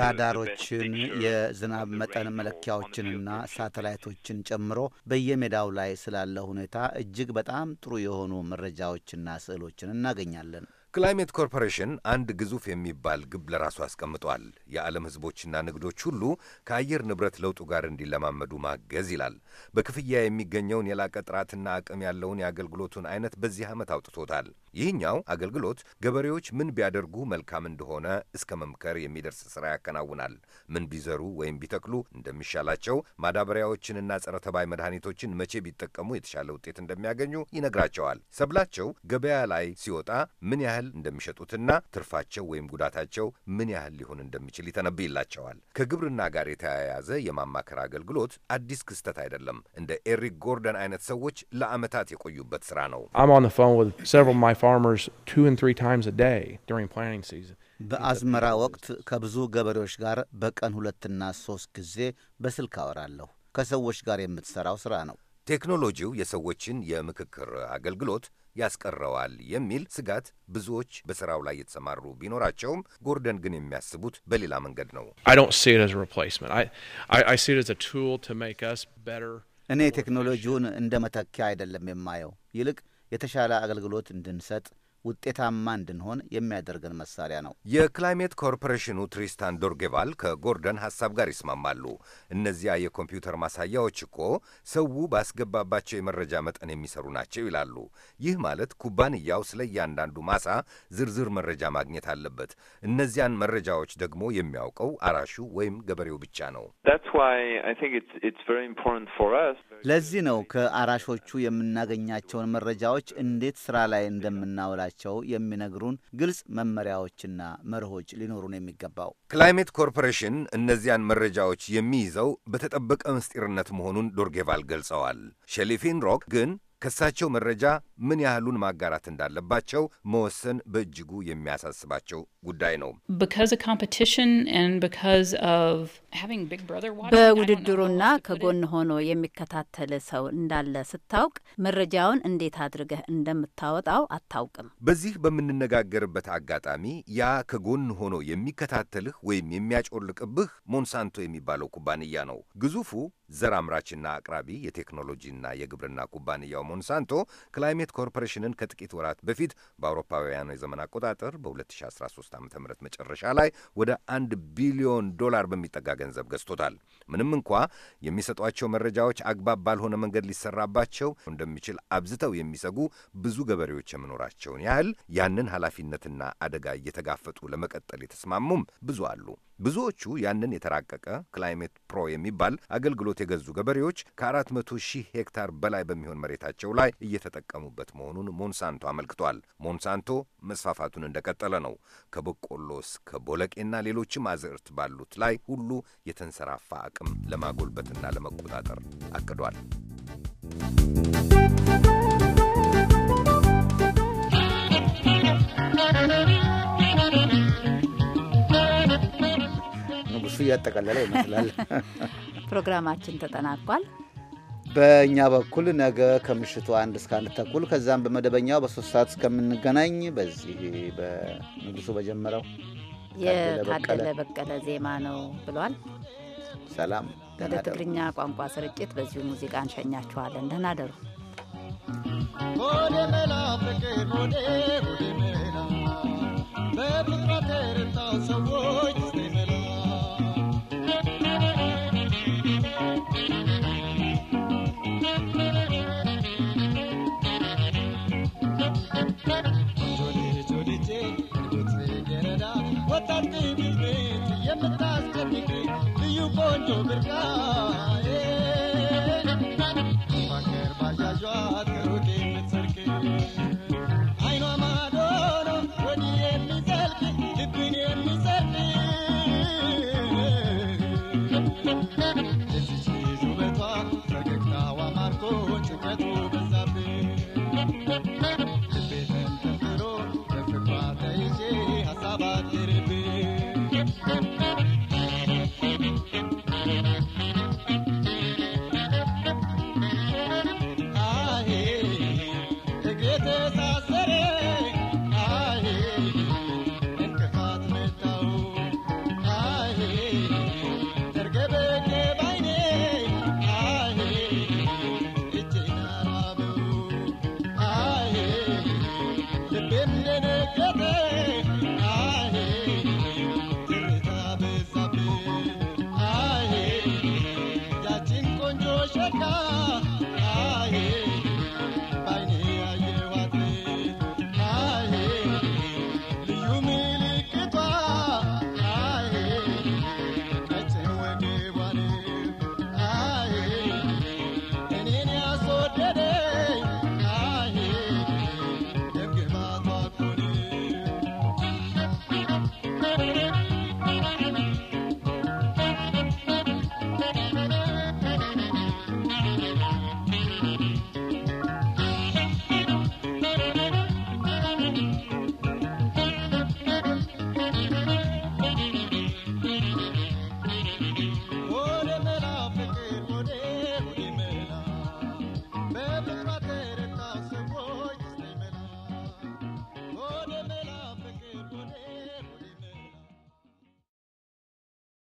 ራዳሮችን፣ የዝናብ መጠን መለኪያዎችንና ሳተላይቶችን ጨምሮ በየሜዳው ላይ ስላለ ሁኔታ እጅግ በጣም ጥሩ የሆኑ መረጃዎችና ስዕሎችን እናገኛለን። ክላይሜት ኮርፖሬሽን አንድ ግዙፍ የሚባል ግብ ለራሱ አስቀምጧል። የዓለም ሕዝቦችና ንግዶች ሁሉ ከአየር ንብረት ለውጡ ጋር እንዲለማመዱ ማገዝ ይላል። በክፍያ የሚገኘውን የላቀ ጥራትና አቅም ያለውን የአገልግሎቱን አይነት በዚህ ዓመት አውጥቶታል። ይህኛው አገልግሎት ገበሬዎች ምን ቢያደርጉ መልካም እንደሆነ እስከ መምከር የሚደርስ ስራ ያከናውናል። ምን ቢዘሩ ወይም ቢተክሉ እንደሚሻላቸው፣ ማዳበሪያዎችንና ጸረ ተባይ መድኃኒቶችን መቼ ቢጠቀሙ የተሻለ ውጤት እንደሚያገኙ ይነግራቸዋል። ሰብላቸው ገበያ ላይ ሲወጣ ምን ያህል ያህል እንደሚሸጡትና ትርፋቸው ወይም ጉዳታቸው ምን ያህል ሊሆን እንደሚችል ይተነብይላቸዋል። ከግብርና ጋር የተያያዘ የማማከር አገልግሎት አዲስ ክስተት አይደለም። እንደ ኤሪክ ጎርደን አይነት ሰዎች ለአመታት የቆዩበት ስራ ነው። በአዝመራ ወቅት ከብዙ ገበሬዎች ጋር በቀን ሁለትና ሶስት ጊዜ በስልክ አወራለሁ። ከሰዎች ጋር የምትሠራው ሥራ ነው። ቴክኖሎጂው የሰዎችን የምክክር አገልግሎት ያስቀረዋል የሚል ስጋት ብዙዎች በስራው ላይ የተሰማሩ ቢኖራቸውም ጎርደን ግን የሚያስቡት በሌላ መንገድ ነው። እኔ ቴክኖሎጂውን እንደ መተኪያ አይደለም የማየው፣ ይልቅ የተሻለ አገልግሎት እንድንሰጥ ውጤታማ እንድንሆን የሚያደርገን መሳሪያ ነው። የክላይሜት ኮርፖሬሽኑ ትሪስታን ዶርጌቫል ከጎርደን ሀሳብ ጋር ይስማማሉ። እነዚያ የኮምፒውተር ማሳያዎች እኮ ሰው ባስገባባቸው የመረጃ መጠን የሚሰሩ ናቸው ይላሉ። ይህ ማለት ኩባንያው ስለ እያንዳንዱ ማሳ ዝርዝር መረጃ ማግኘት አለበት። እነዚያን መረጃዎች ደግሞ የሚያውቀው አራሹ ወይም ገበሬው ብቻ ነው። ለዚህ ነው ከአራሾቹ የምናገኛቸውን መረጃዎች እንዴት ስራ ላይ እንደምናውላቸው የሚነግሩን ግልጽ መመሪያዎችና መርሆች ሊኖሩን የሚገባው። ክላይሜት ኮርፖሬሽን እነዚያን መረጃዎች የሚይዘው በተጠበቀ ምስጢርነት መሆኑን ዶርጌቫል ገልጸዋል። ሸሊፊን ሮክ ግን ከእሳቸው መረጃ ምን ያህሉን ማጋራት እንዳለባቸው መወሰን በእጅጉ የሚያሳስባቸው ጉዳይ ነው። በውድድሩና ከጎን ሆኖ የሚከታተል ሰው እንዳለ ስታውቅ መረጃውን እንዴት አድርገህ እንደምታወጣው አታውቅም። በዚህ በምንነጋገርበት አጋጣሚ ያ ከጎን ሆኖ የሚከታተልህ ወይም የሚያጮልቅብህ ሞንሳንቶ የሚባለው ኩባንያ ነው ግዙፉ ዘር አምራችና አቅራቢ የቴክኖሎጂና የግብርና ኩባንያው ሞንሳንቶ ክላይሜት ኮርፖሬሽንን ከጥቂት ወራት በፊት በአውሮፓውያኑ የዘመን አቆጣጠር በ2013 ዓ ም መጨረሻ ላይ ወደ አንድ ቢሊዮን ዶላር በሚጠጋ ገንዘብ ገዝቶታል። ምንም እንኳ የሚሰጧቸው መረጃዎች አግባብ ባልሆነ መንገድ ሊሰራባቸው እንደሚችል አብዝተው የሚሰጉ ብዙ ገበሬዎች የመኖራቸውን ያህል ያንን ኃላፊነትና አደጋ እየተጋፈጡ ለመቀጠል የተስማሙም ብዙ አሉ። ብዙዎቹ ያንን የተራቀቀ ክላይሜት ፕሮ የሚባል አገልግሎት የገዙ ገበሬዎች ከአራት መቶ ሺህ ሄክታር በላይ በሚሆን መሬታቸው ላይ እየተጠቀሙበት መሆኑን ሞንሳንቶ አመልክቷል። ሞንሳንቶ መስፋፋቱን እንደቀጠለ ነው። ከበቆሎ እስከ ቦለቄና ሌሎችም አዝዕርት ባሉት ላይ ሁሉ የተንሰራፋ አቅም ለማጎልበትና ለመቆጣጠር አቅዷል። እሱ እያጠቃለለ ይመስላል። ፕሮግራማችን ተጠናቋል። በእኛ በኩል ነገ ከምሽቱ አንድ እስከ አንድ ተኩል ከዛም በመደበኛው በሶስት ሰዓት እስከምንገናኝ በዚህ በንጉሱ በጀመረው የታደለ በቀለ ዜማ ነው ብሏል። ሰላም ወደ ትግርኛ ቋንቋ ስርጭት በዚሁ ሙዚቃ እንሸኛችኋለን። ደህና ደሩ። ሰዎች Antonio Vergara.